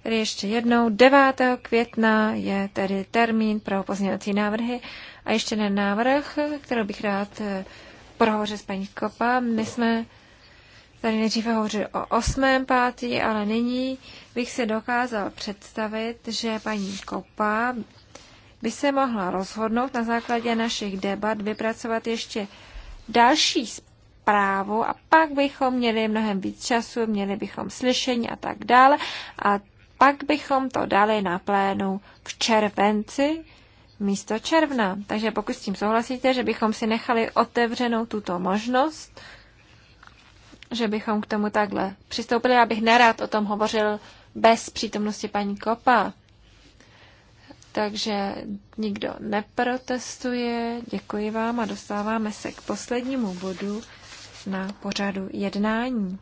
Tedy ještě jednou, 9. května je tedy termín pro pozměňovací návrhy. A ještě jeden návrh, kterou bych rád e, prohovořil s paní Kopa. My jsme Tady nejdříve hovořil o osmém pátý, ale nyní bych si dokázal představit, že paní Kopa by se mohla rozhodnout na základě našich debat vypracovat ještě další zprávu a pak bychom měli mnohem víc času, měli bychom slyšení a tak dále a pak bychom to dali na plénu v červenci místo června. Takže pokud s tím souhlasíte, že bychom si nechali otevřenou tuto možnost, že bychom k tomu takhle přistoupili. Já bych nerád o tom hovořil bez přítomnosti paní Kopa. Takže nikdo neprotestuje. Děkuji vám a dostáváme se k poslednímu bodu na pořadu jednání.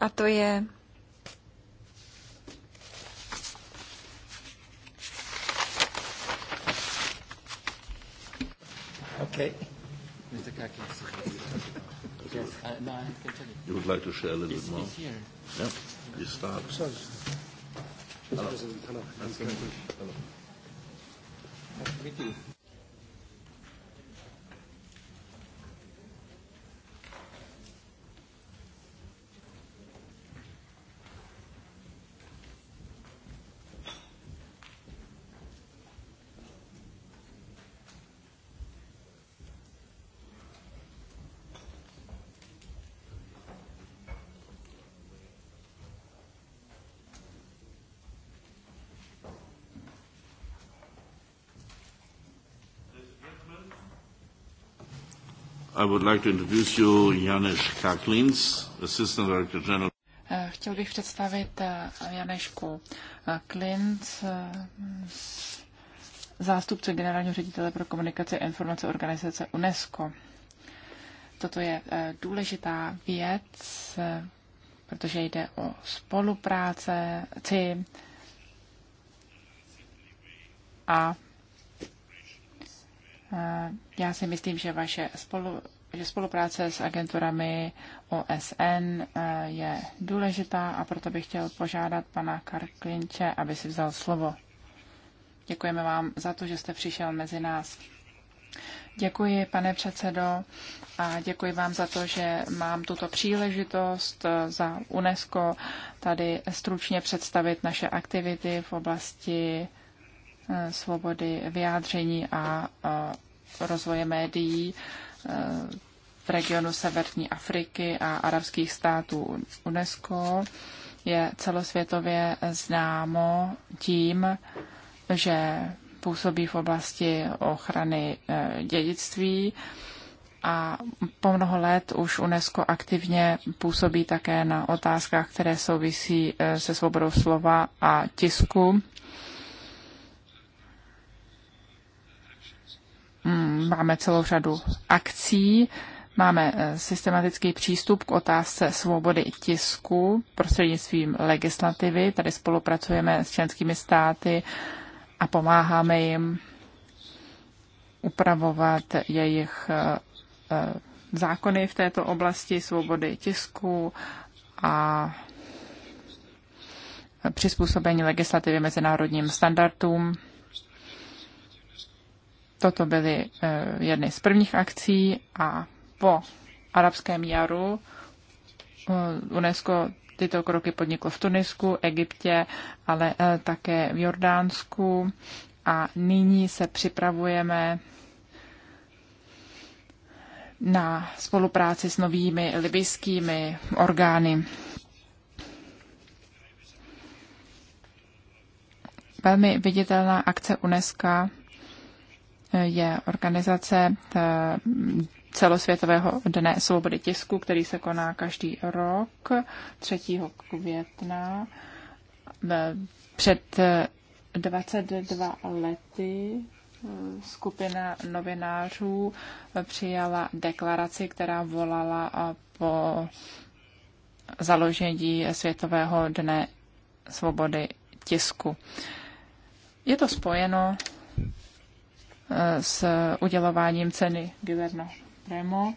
A to je Okay. Mr. Kakis. Uh, no, you. would like to share a little bit more? It's here. Yeah, you start. Sorry. Hello. Hello. Hello. Hello. Hello. Hello. I would like to introduce you Kaklins, Assistant Director General. Eh, chtěl bych představit eh, Janešku eh, Klinc, zástupce generálního ředitele pro komunikaci a informace organizace UNESCO. Toto je důležitá věc, protože jde o spolupráce, a Eh, já si myslím, že vaše spolu, že spolupráce s agenturami OSN eh, je důležitá a proto bych chtěl požádat pana Karklinče, aby si vzal slovo. Děkujeme vám za to, že jste přišel mezi nás. Děkuji, pane předsedo, a děkuji vám za to, že mám tuto příležitost eh, za UNESCO tady stručně představit naše aktivity v oblasti Eh, svobody vyjádření a rozvoje médií eh, v regionu Severní Afriky a arabských států UNESCO je celosvětově známo tím, že působí v oblasti ochrany eh, dědictví a po mnoho let už UNESCO aktivně působí také na otázkách, které souvisí se svobodou slova a tisku. Máme celou řadu akcí, máme eh, systematický přístup k otázce svobody tisku prostřednictvím legislativy. Tady spolupracujeme s členskými státy a pomáháme jim upravovat jejich eh, eh, zákony v této oblasti svobody tisku a přizpůsobení legislativy mezinárodním standardům. Toto byly eh, jedny z prvních akcí a po arabském jaru eh, UNESCO tyto kroky podniklo v Tunisku, Egyptě, ale eh, také v Jordánsku a nyní se připravujeme na spolupráci s novými libijskými orgány. Velmi viditelná akce UNESCO je organizace eh, celosvětového dne svobody tisku, který se koná každý rok 3. května. Eh, před 22 eh, lety skupina novinářů přijala deklaraci, která volala po založení Světového dne svobody tisku. Je to spojeno Eh, s udělováním ceny Giverno Remo,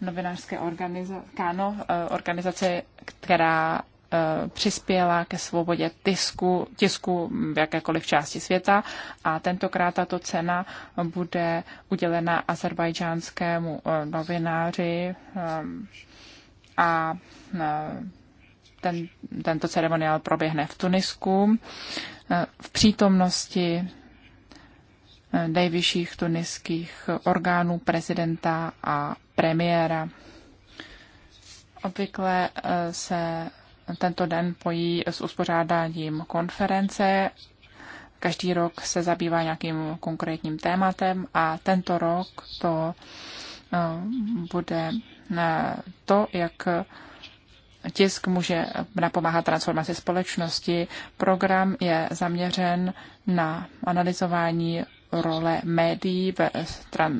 novinářské organiza- Kano, eh, organizace, která eh, přispěla ke svobodě tisku, tisku v jakékoliv části světa a tentokrát tato cena bude udělena azerbajdžánskému novináři a ten, tento ceremoniál proběhne v Tunisku v přítomnosti nejvyšších tuniských orgánů prezidenta a premiéra. Obvykle eh, se tento den pojí s uspořádáním konference. Každý rok se zabývá nějakým konkrétním tématem a tento rok to eh, bude eh, to, jak tisk může napomáhat transformaci společnosti. Program je zaměřen na analyzování role médií ve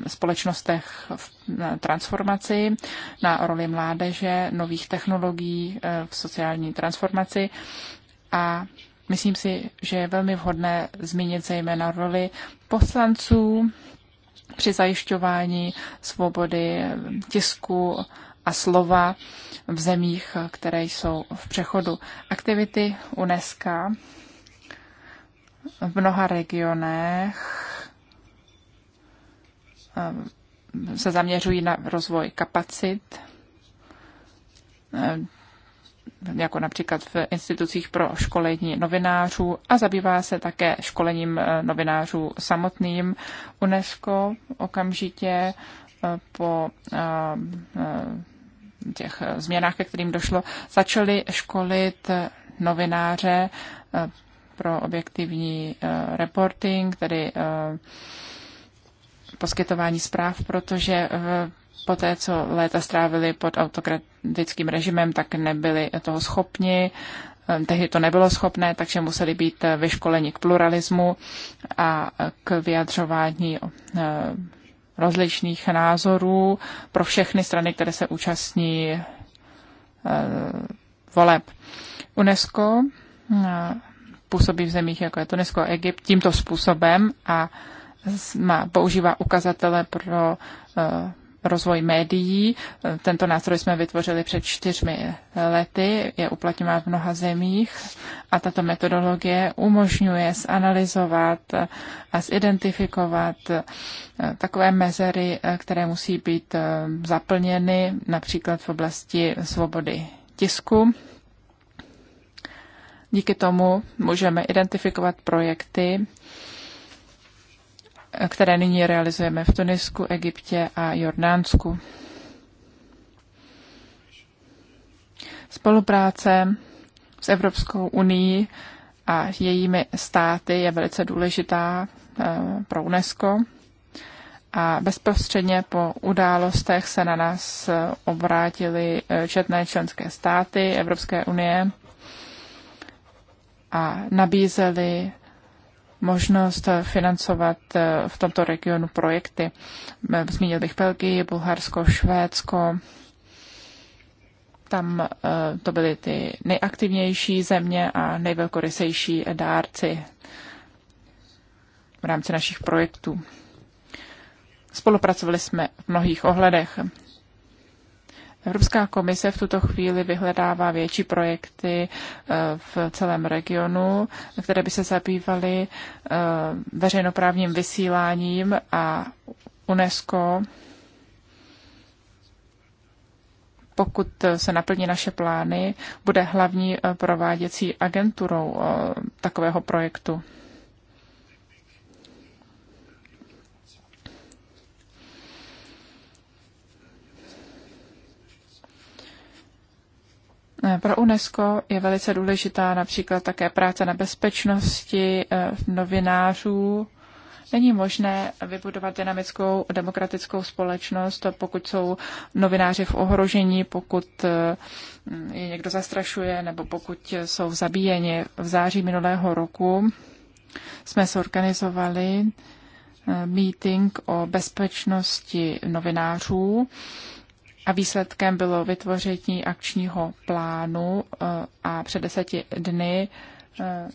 společnostech v transformaci, na roli mládeže, nových technologií eh, v sociální transformaci a myslím si, že je velmi vhodné zmínit zejména roli poslanců při zajišťování svobody tisku a slova v zemích, které jsou v přechodu. Aktivity UNESCO v mnoha regionech se zaměřují na rozvoj kapacit, eh, jako například v institucích pro školení novinářů a zabývá se také školením eh, novinářů samotným. UNESCO okamžitě eh, po těch změnách, ke kterým došlo, začaly školit novináře pro objektivní reporting, tedy poskytování zpráv, protože eh, po té, co léta strávili pod autokratickým režimem, tak nebyli toho schopni. Eh, tehdy to nebylo schopné, takže museli být eh, vyškoleni k pluralismu a k vyjadřování rozličných názorů pro všechny strany, které se účastní voleb. UNESCO působí v zemích, jako je Tunisko a Egypt, tímto způsobem a má, používá ukazatele pro eh, rozvoj médií. Tento nástroj jsme vytvořili před čtyřmi lety, je uplatňován v mnoha zemích a tato metodologie umožňuje zanalizovat a zidentifikovat eh, takové mezery, eh, které musí být zaplněny například v oblasti svobody tisku. Díky tomu můžeme identifikovat projekty, které nyní realizujeme v Tunisku, Egyptě a Jordánsku. Spolupráce s Evropskou unii a jejími státy je velice důležitá eh, pro UNESCO. A bezprostředně po událostech se na nás eh, obrátily eh, četné členské státy Evropské unie a nabízeli možnost eh, financovat eh, v tomto regionu projekty. Eh, zmínil bych Belgii, Bulharsko, Švédsko. Tam to byly ty nejaktivnější země a nejvelkorysejší dárci v rámci našich projektů. Spolupracovali jsme v mnohých ohledech. Evropská komise v tuto chvíli vyhledává větší projekty eh, v celém regionu, které by se zabývaly eh, veřejnoprávním vysíláním a UNESCO. Pokud se naplní naše plány, bude hlavní eh, prováděcí agenturou takového projektu. Eh, pro UNESCO je velice důležitá například také práce na bezpečnosti eh, novinářů. Není možné vybudovat dynamickou demokratickou společnost, pokud jsou novináři v ohrožení, pokud eh, je někdo zastrašuje nebo pokud jsou zabíjeni. V září minulého roku jsme organizovali meeting o bezpečnosti novinářů a výsledkem bylo vytvoření akčního plánu eh, a před deseti dny eh,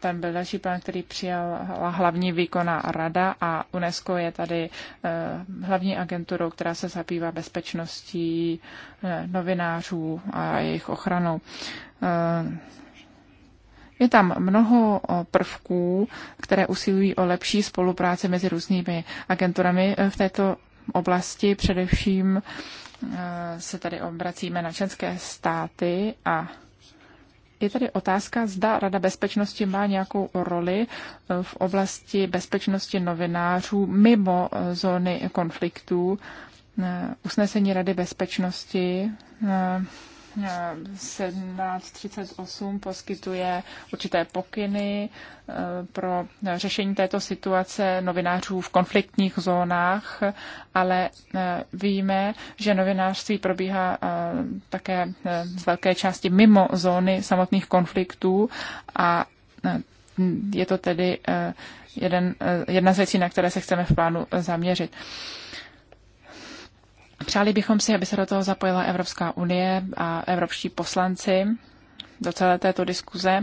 tam byl další plán, který přijala hlavní výkona rada a UNESCO je tady eh, hlavní agenturou, která se zabývá bezpečností novinářů a jejich ochranou. Je tam mnoho prvků, které usilují o lepší spolupráci mezi různými agenturami v této oblasti především eh, se tady obracíme na členské státy a je tady otázka, zda Rada bezpečnosti má nějakou roli eh, v oblasti bezpečnosti novinářů mimo eh, zóny konfliktů. Usnesení Rady bezpečnosti 1738 poskytuje určité pokyny eh, pro řešení této situace novinářů v konfliktních zónách, ale eh, víme, že novinářství probíhá eh, také z velké části mimo zóny samotných konfliktů a je to tedy jeden, jedna z věcí, na které se chceme v plánu zaměřit. Přáli bychom si, aby se do toho zapojila Evropská unie a evropští poslanci do celé této diskuze,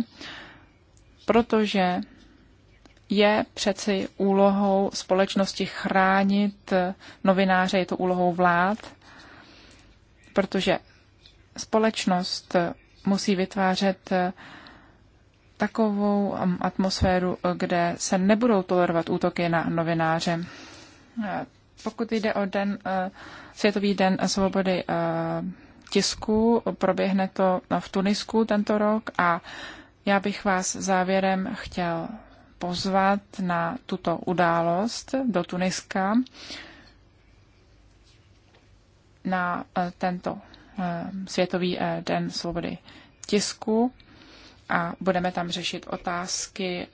protože je přeci úlohou společnosti chránit novináře, je to úlohou vlád, protože společnost musí vytvářet takovou atmosféru, kde se nebudou tolerovat útoky na novináře. Pokud jde o den, eh, Světový den svobody eh, tisku, proběhne to v Tunisku tento rok a já bych vás závěrem chtěl pozvat na tuto událost do Tuniska, na eh, tento Světový den svobody tisku a budeme tam řešit otázky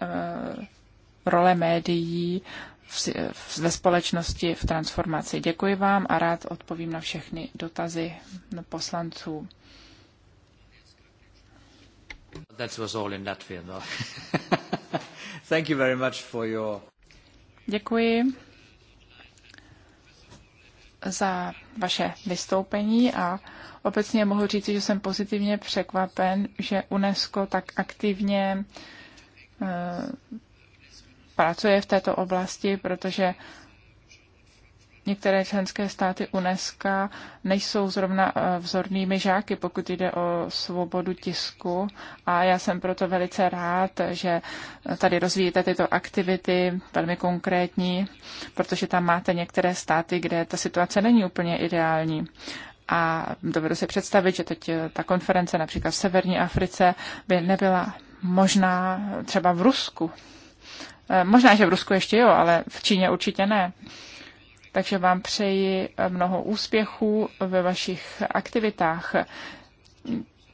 role médií v, ve společnosti v transformaci. Děkuji vám a rád odpovím na všechny dotazy poslanců. That was all in Latvia. *laughs* no? Thank you very much for your... Děkuji za vaše vystoupení a obecně mohu říct, že jsem pozitivně překvapen, že UNESCO tak aktivně eh, pracuje v této oblasti, protože některé členské státy UNESCO nejsou zrovna eh, vzornými žáky, pokud jde o svobodu tisku. A já jsem proto velice rád, že tady rozvíjíte tyto aktivity velmi konkrétní, protože tam máte některé státy, kde ta situace není úplně ideální. A dovedu si představit, že teď eh, ta konference například v Severní Africe by nebyla možná třeba v Rusku, Eh, možná, že v Rusku ještě jo, ale v Číně určitě ne. Takže vám přeji eh, mnoho úspěchů ve vašich aktivitách.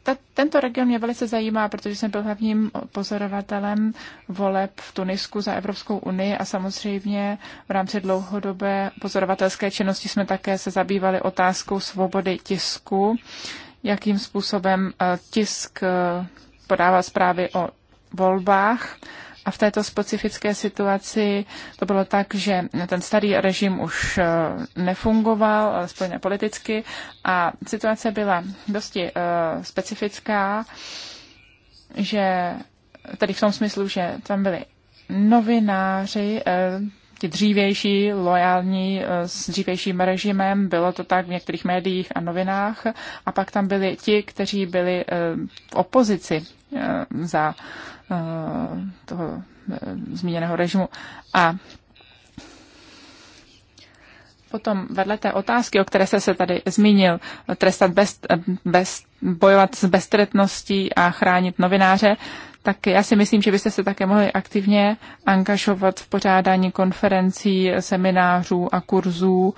Ta, tento region mě velice zajímá, protože jsem byl hlavním pozorovatelem voleb v Tunisku za Evropskou unii a samozřejmě v rámci dlouhodobé pozorovatelské činnosti jsme také se zabývali otázkou svobody tisku, jakým způsobem eh, tisk podává zprávy o volbách a v této specifické situaci to bylo tak, že ten starý režim už eh, nefungoval, alespoň politicky, a situace byla dosti uh, specifická, že tady v tom smyslu, že tam byli novináři, uh, ti dřívější, lojální eh, s dřívějším režimem, bylo to tak v některých médiích a novinách, a pak tam byli ti, kteří byli eh, v opozici eh, za toho zmíněného režimu. A potom vedle té otázky, o které jste se tady zmínil, trestat bez, bez, bojovat s beztretností a chránit novináře, tak já si myslím, že byste se také mohli aktivně angažovat v pořádání konferencí, seminářů a kurzů,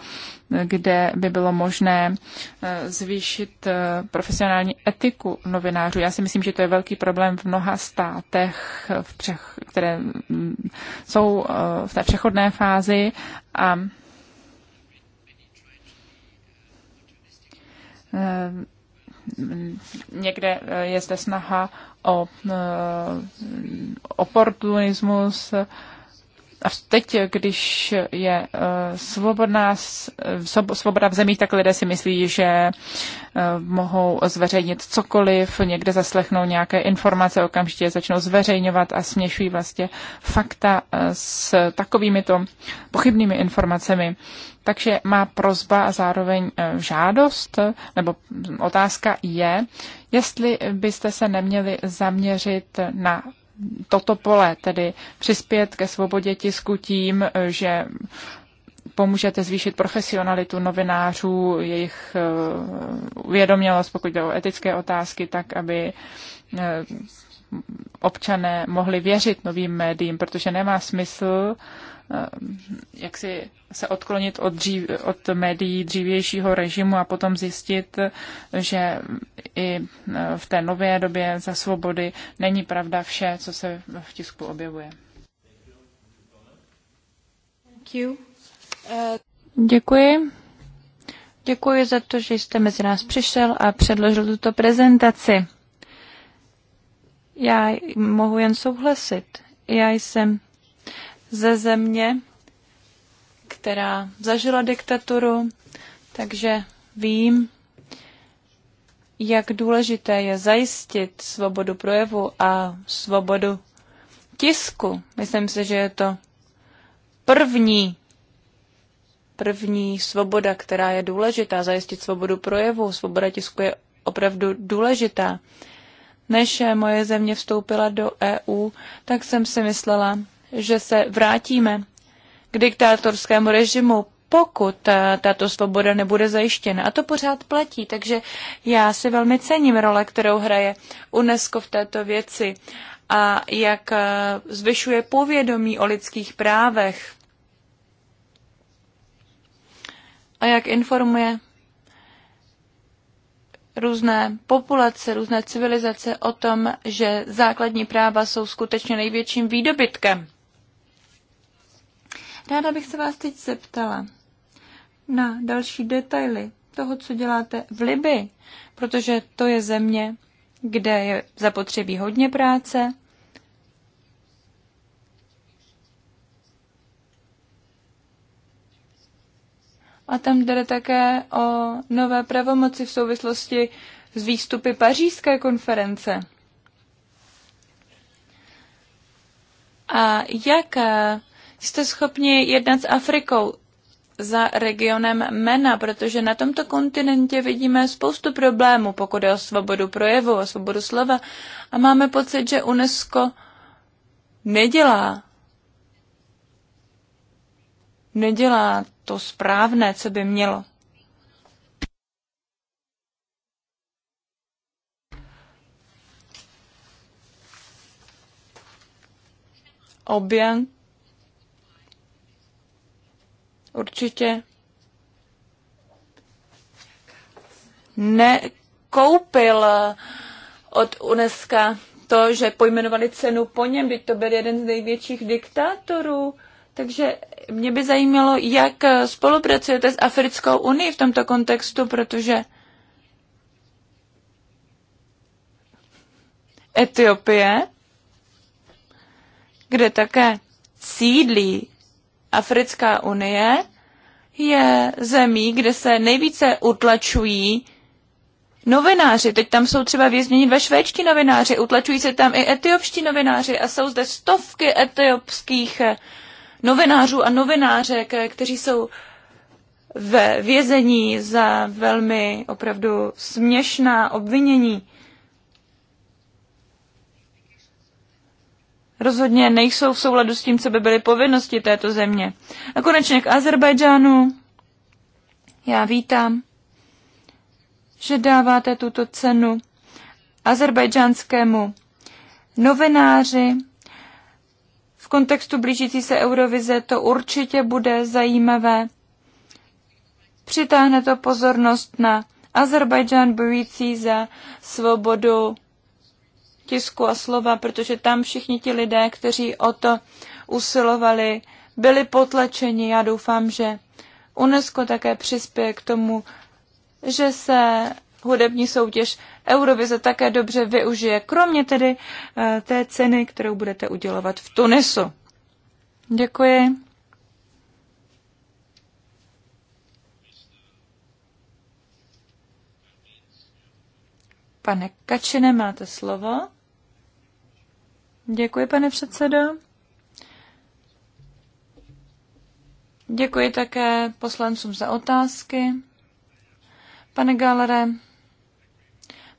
kde by bylo možné eh, zvýšit eh, profesionální etiku novinářů. Já si myslím, že to je velký problém v mnoha státech, v přech, které mm, jsou eh, v té přechodné fázi a někde eh, je zde snaha o eh, oportunismus, a teď, když je eh, svobodná, eh, svoboda v zemích, tak lidé si myslí, že eh, mohou zveřejnit cokoliv, někde zaslechnou nějaké informace, okamžitě začnou zveřejňovat a směšují vlastně fakta s takovými to pochybnými informacemi. Takže má prozba a zároveň žádost, nebo otázka je, jestli byste se neměli zaměřit na toto pole, tedy přispět ke svobodě tisku tím, že pomůžete zvýšit profesionalitu novinářů, jejich eh, uvědomělost, pokud jde o etické otázky, tak aby eh, občané mohli věřit novým médiím, protože nemá smysl, Eh, jak si se odklonit od, dřív, od médií dřívějšího režimu a potom zjistit, že i eh, v té nové době za svobody není pravda vše, co se v tisku objevuje. Eh, Děkuji. Děkuji za to, že jste mezi nás přišel a předložil tuto prezentaci. Já mohu jen souhlasit. Já jsem ze země, která zažila diktaturu, takže vím, jak důležité je zajistit svobodu projevu a svobodu tisku. Myslím si, že je to první, první svoboda, která je důležitá. Zajistit svobodu projevu. Svoboda tisku je opravdu důležitá. Než moje země vstoupila do EU, tak jsem si myslela, že se vrátíme k diktátorskému režimu, pokud eh, tato svoboda nebude zajištěna. A to pořád platí, takže já si velmi cením role, kterou hraje UNESCO v této věci a jak eh, zvyšuje povědomí o lidských právech a jak informuje různé populace, různé civilizace o tom, že základní práva jsou skutečně největším výdobytkem Ráda bych se vás teď zeptala na další detaily toho, co děláte v Liby, protože to je země, kde je zapotřebí hodně práce. A tam jde také o nové pravomoci v souvislosti s výstupy pařížské konference. A jaká jste schopni jednat s Afrikou, za regionem MENA, protože na tomto kontinentě vidíme spoustu problémů, pokud je o svobodu projevu, o svobodu slova a máme pocit, že UNESCO nedělá nedělá to správné, co by mělo. Objem určitě nekoupil od UNESCO to, že pojmenovali cenu po něm, byť to byl jeden z největších diktátorů. Takže mě by zajímalo, jak spolupracujete s Africkou unii v tomto kontextu, protože Etiopie, kde také sídlí Africká unie je zemí, kde se nejvíce utlačují novináři. Teď tam jsou třeba vězněni dva švédští novináři, utlačují se tam i etiopští novináři a jsou zde stovky etiopských novinářů a novinářek, kteří jsou ve vězení za velmi opravdu směšná obvinění. rozhodně nejsou v souladu s tím, co by byly povinnosti této země. A konečně k Azerbajdžánu. Já vítám, že dáváte tuto cenu azerbajdžánskému novináři. V kontextu blížící se Eurovize to určitě bude zajímavé. Přitáhne to pozornost na Azerbajdžán bojující za svobodu tisku a slova, protože tam všichni ti lidé, kteří o to usilovali, byli potlačeni. Já doufám, že UNESCO také přispěje k tomu, že se hudební soutěž Eurovize také dobře využije, kromě tedy eh, té ceny, kterou budete udělovat v Tunisu. Děkuji. Pane Kačine, máte slovo. Děkuji, pane předsedo. Děkuji také poslancům za otázky. Pane Galere,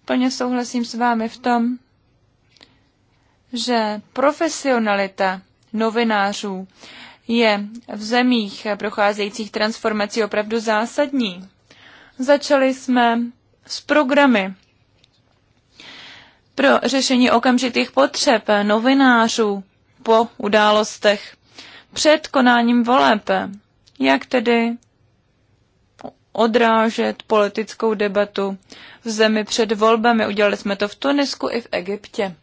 plně souhlasím s vámi v tom, že profesionalita novinářů je v zemích procházejících transformací opravdu zásadní. Začali jsme s programy pro řešení okamžitých potřeb novinářů po událostech před konáním voleb. Jak tedy odrážet politickou debatu v zemi před volbami. Udělali jsme to v Tunisku i v Egyptě.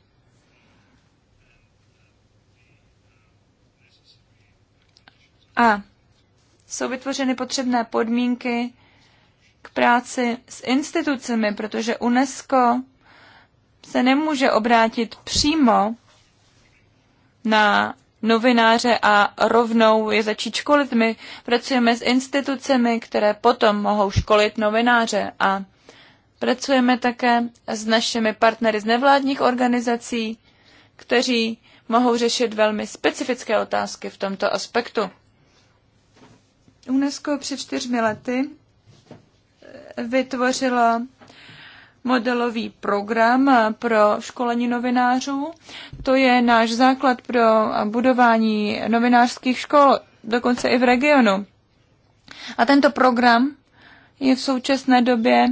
A jsou vytvořeny potřebné podmínky k práci s institucemi, protože UNESCO se nemůže obrátit přímo na novináře a rovnou je začít školit. My pracujeme s institucemi, které potom mohou školit novináře a pracujeme také s našimi partnery z nevládních organizací, kteří mohou řešit velmi specifické otázky v tomto aspektu. UNESCO před čtyřmi lety vytvořilo modelový program pro školení novinářů. To je náš základ pro budování novinářských škol, dokonce i v regionu. A tento program je v současné době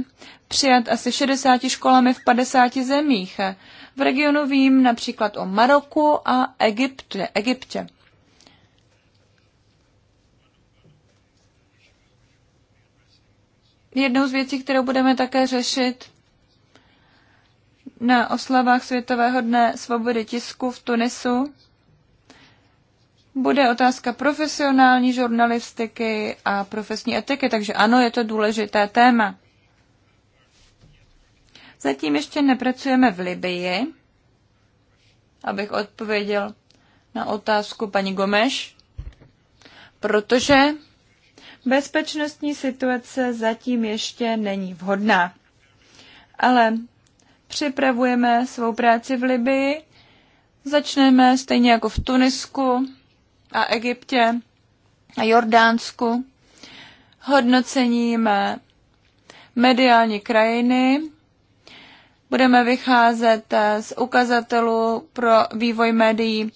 přijat asi 60 školami v 50 zemích. V regionu vím například o Maroku a Egyptě. Egyptě. Jednou z věcí, kterou budeme také řešit, na oslavách Světového dne svobody tisku v Tunisu bude otázka profesionální žurnalistiky a profesní etiky, takže ano, je to důležité téma. Zatím ještě nepracujeme v Libii, abych odpověděl na otázku paní Gomeš, protože bezpečnostní situace zatím ještě není vhodná. Ale připravujeme svou práci v Libii. Začneme stejně jako v Tunisku a Egyptě a Jordánsku hodnocením mediální krajiny. Budeme vycházet z ukazatelů pro vývoj médií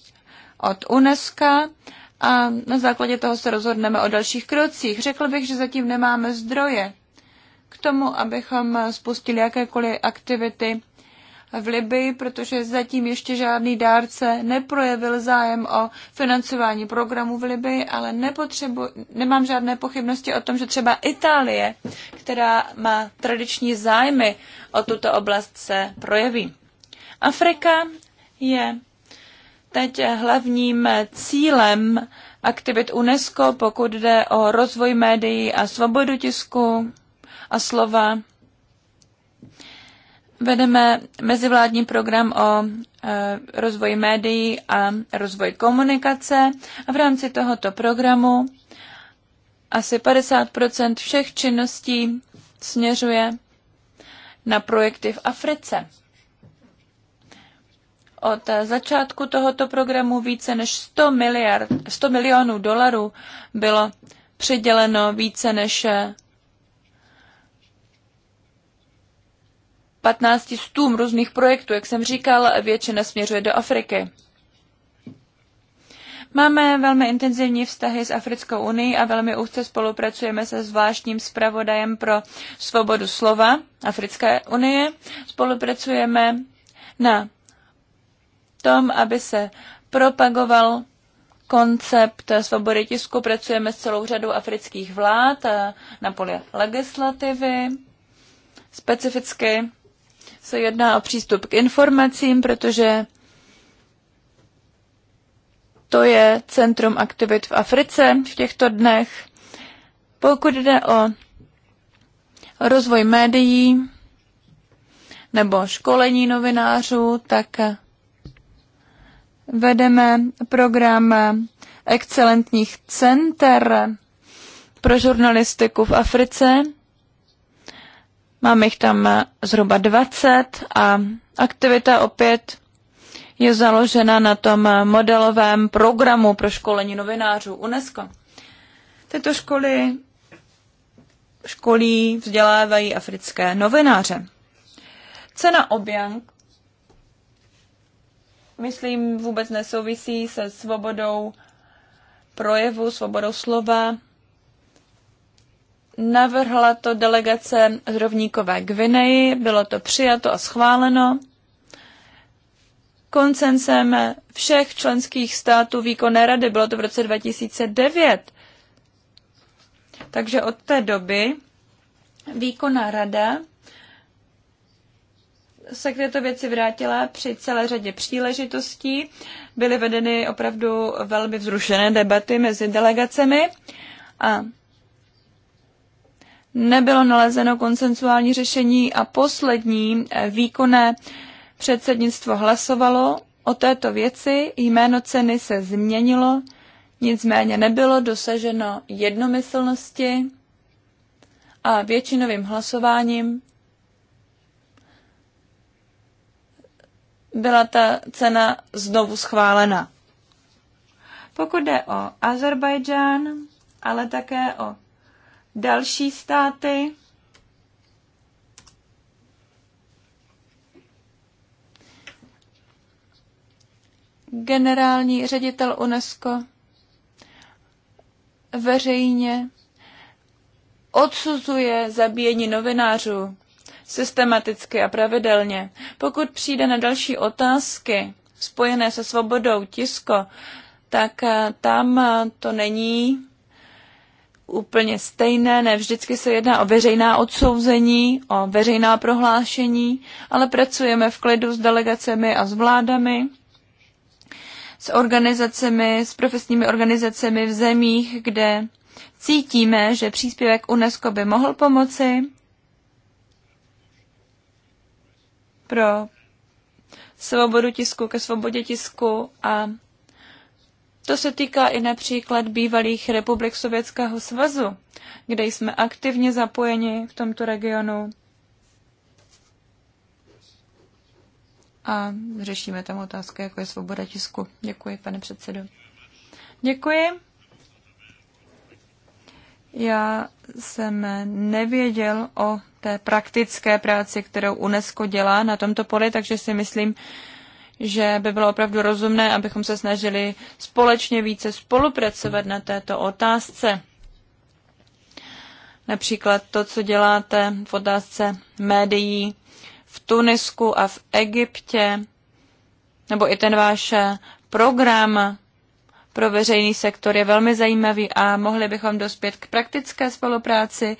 od UNESCO a na základě toho se rozhodneme o dalších krocích. Řekl bych, že zatím nemáme zdroje k tomu, abychom spustili jakékoliv aktivity v Libii, protože zatím ještě žádný dárce neprojevil zájem o financování programu v Libii, ale nepotřebu, nemám žádné pochybnosti o tom, že třeba Itálie, která má tradiční zájmy o tuto oblast, se projeví. Afrika je teď hlavním cílem aktivit UNESCO, pokud jde o rozvoj médií a svobodu tisku, a slova. Vedeme mezivládní program o e, rozvoji médií a rozvoji komunikace a v rámci tohoto programu asi 50 všech činností směřuje na projekty v Africe. Od začátku tohoto programu více než 100, miliard, 100 milionů dolarů bylo přiděleno více než 15 stům různých projektů. Jak jsem říkal, většina směřuje do Afriky. Máme velmi intenzivní vztahy s Africkou unii a velmi úzce spolupracujeme se zvláštním zpravodajem pro svobodu slova Africké unie. Spolupracujeme na tom, aby se propagoval koncept svobody tisku. Pracujeme s celou řadou afrických vlád na poli legislativy specificky se jedná o přístup k informacím, protože to je centrum aktivit v Africe v těchto dnech. Pokud jde o rozvoj médií nebo školení novinářů, tak vedeme program excelentních center pro žurnalistiku v Africe. Mám jich tam eh, zhruba 20 a aktivita opět je založena na tom eh, modelovém programu pro školení novinářů UNESCO. Tyto školy školí, vzdělávají africké novináře. Cena objank, myslím, vůbec nesouvisí se svobodou projevu, svobodou slova, Navrhla to delegace z Rovníkové Gvineji, bylo to přijato a schváleno koncensem všech členských států výkonné rady. Bylo to v roce 2009. Takže od té doby výkonná rada se k této věci vrátila při celé řadě příležitostí. Byly vedeny opravdu velmi vzrušené debaty mezi delegacemi a nebylo nalezeno konsensuální řešení a poslední eh, výkonné předsednictvo hlasovalo o této věci, jméno ceny se změnilo, nicméně nebylo dosaženo jednomyslnosti a většinovým hlasováním byla ta cena znovu schválena. Pokud jde o Azerbajdžán, ale také o další státy. Generální ředitel UNESCO veřejně odsuzuje zabíjení novinářů systematicky a pravidelně. Pokud přijde na další otázky spojené se svobodou tisko, tak eh, tam eh, to není úplně stejné, ne vždycky se jedná o veřejná odsouzení, o veřejná prohlášení, ale pracujeme v klidu s delegacemi a s vládami, s organizacemi, s profesními organizacemi v zemích, kde cítíme, že příspěvek UNESCO by mohl pomoci pro svobodu tisku, ke svobodě tisku a to se týká i například bývalých republik Sovětského svazu, kde jsme aktivně zapojeni v tomto regionu. A řešíme tam otázky, jako je svoboda tisku. Děkuji, pane předsedo. Děkuji. Já jsem nevěděl o té praktické práci, kterou UNESCO dělá na tomto poli, takže si myslím, že by bylo opravdu rozumné, abychom se snažili společně více spolupracovat na této otázce. Například to, co děláte v otázce médií v Tunisku a v Egyptě, nebo i ten váš program pro veřejný sektor je velmi zajímavý a mohli bychom dospět k praktické spolupráci.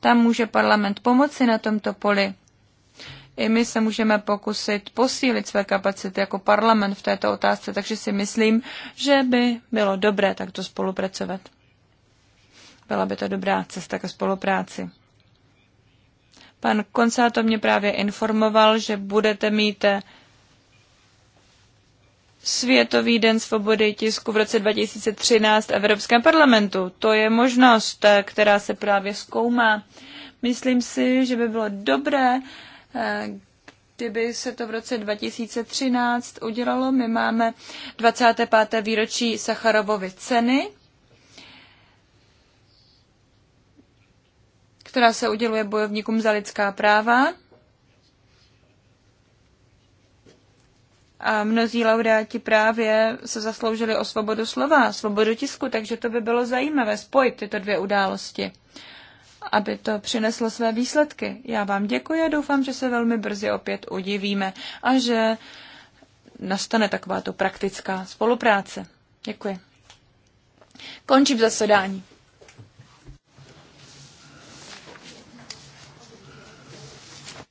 Tam může parlament pomoci na tomto poli i my se můžeme pokusit posílit své kapacity jako parlament v této otázce, takže si myslím, že by bylo dobré takto spolupracovat. Byla by to dobrá cesta ke spolupráci. Pan Konsáto mě právě informoval, že budete mít Světový den svobody tisku v roce 2013 v Evropském parlamentu. To je možnost, která se právě zkoumá. Myslím si, že by bylo dobré Eh, kdyby se to v roce 2013 udělalo. My máme 25. výročí Sacharovovy ceny, která se uděluje bojovníkům za lidská práva. A mnozí laureáti právě se zasloužili o svobodu slova, svobodu tisku, takže to by bylo zajímavé spojit tyto dvě události aby to přineslo své výsledky. Já vám děkuji a doufám, že se velmi brzy opět udivíme a že nastane takováto praktická spolupráce. Děkuji. Končím zasedání.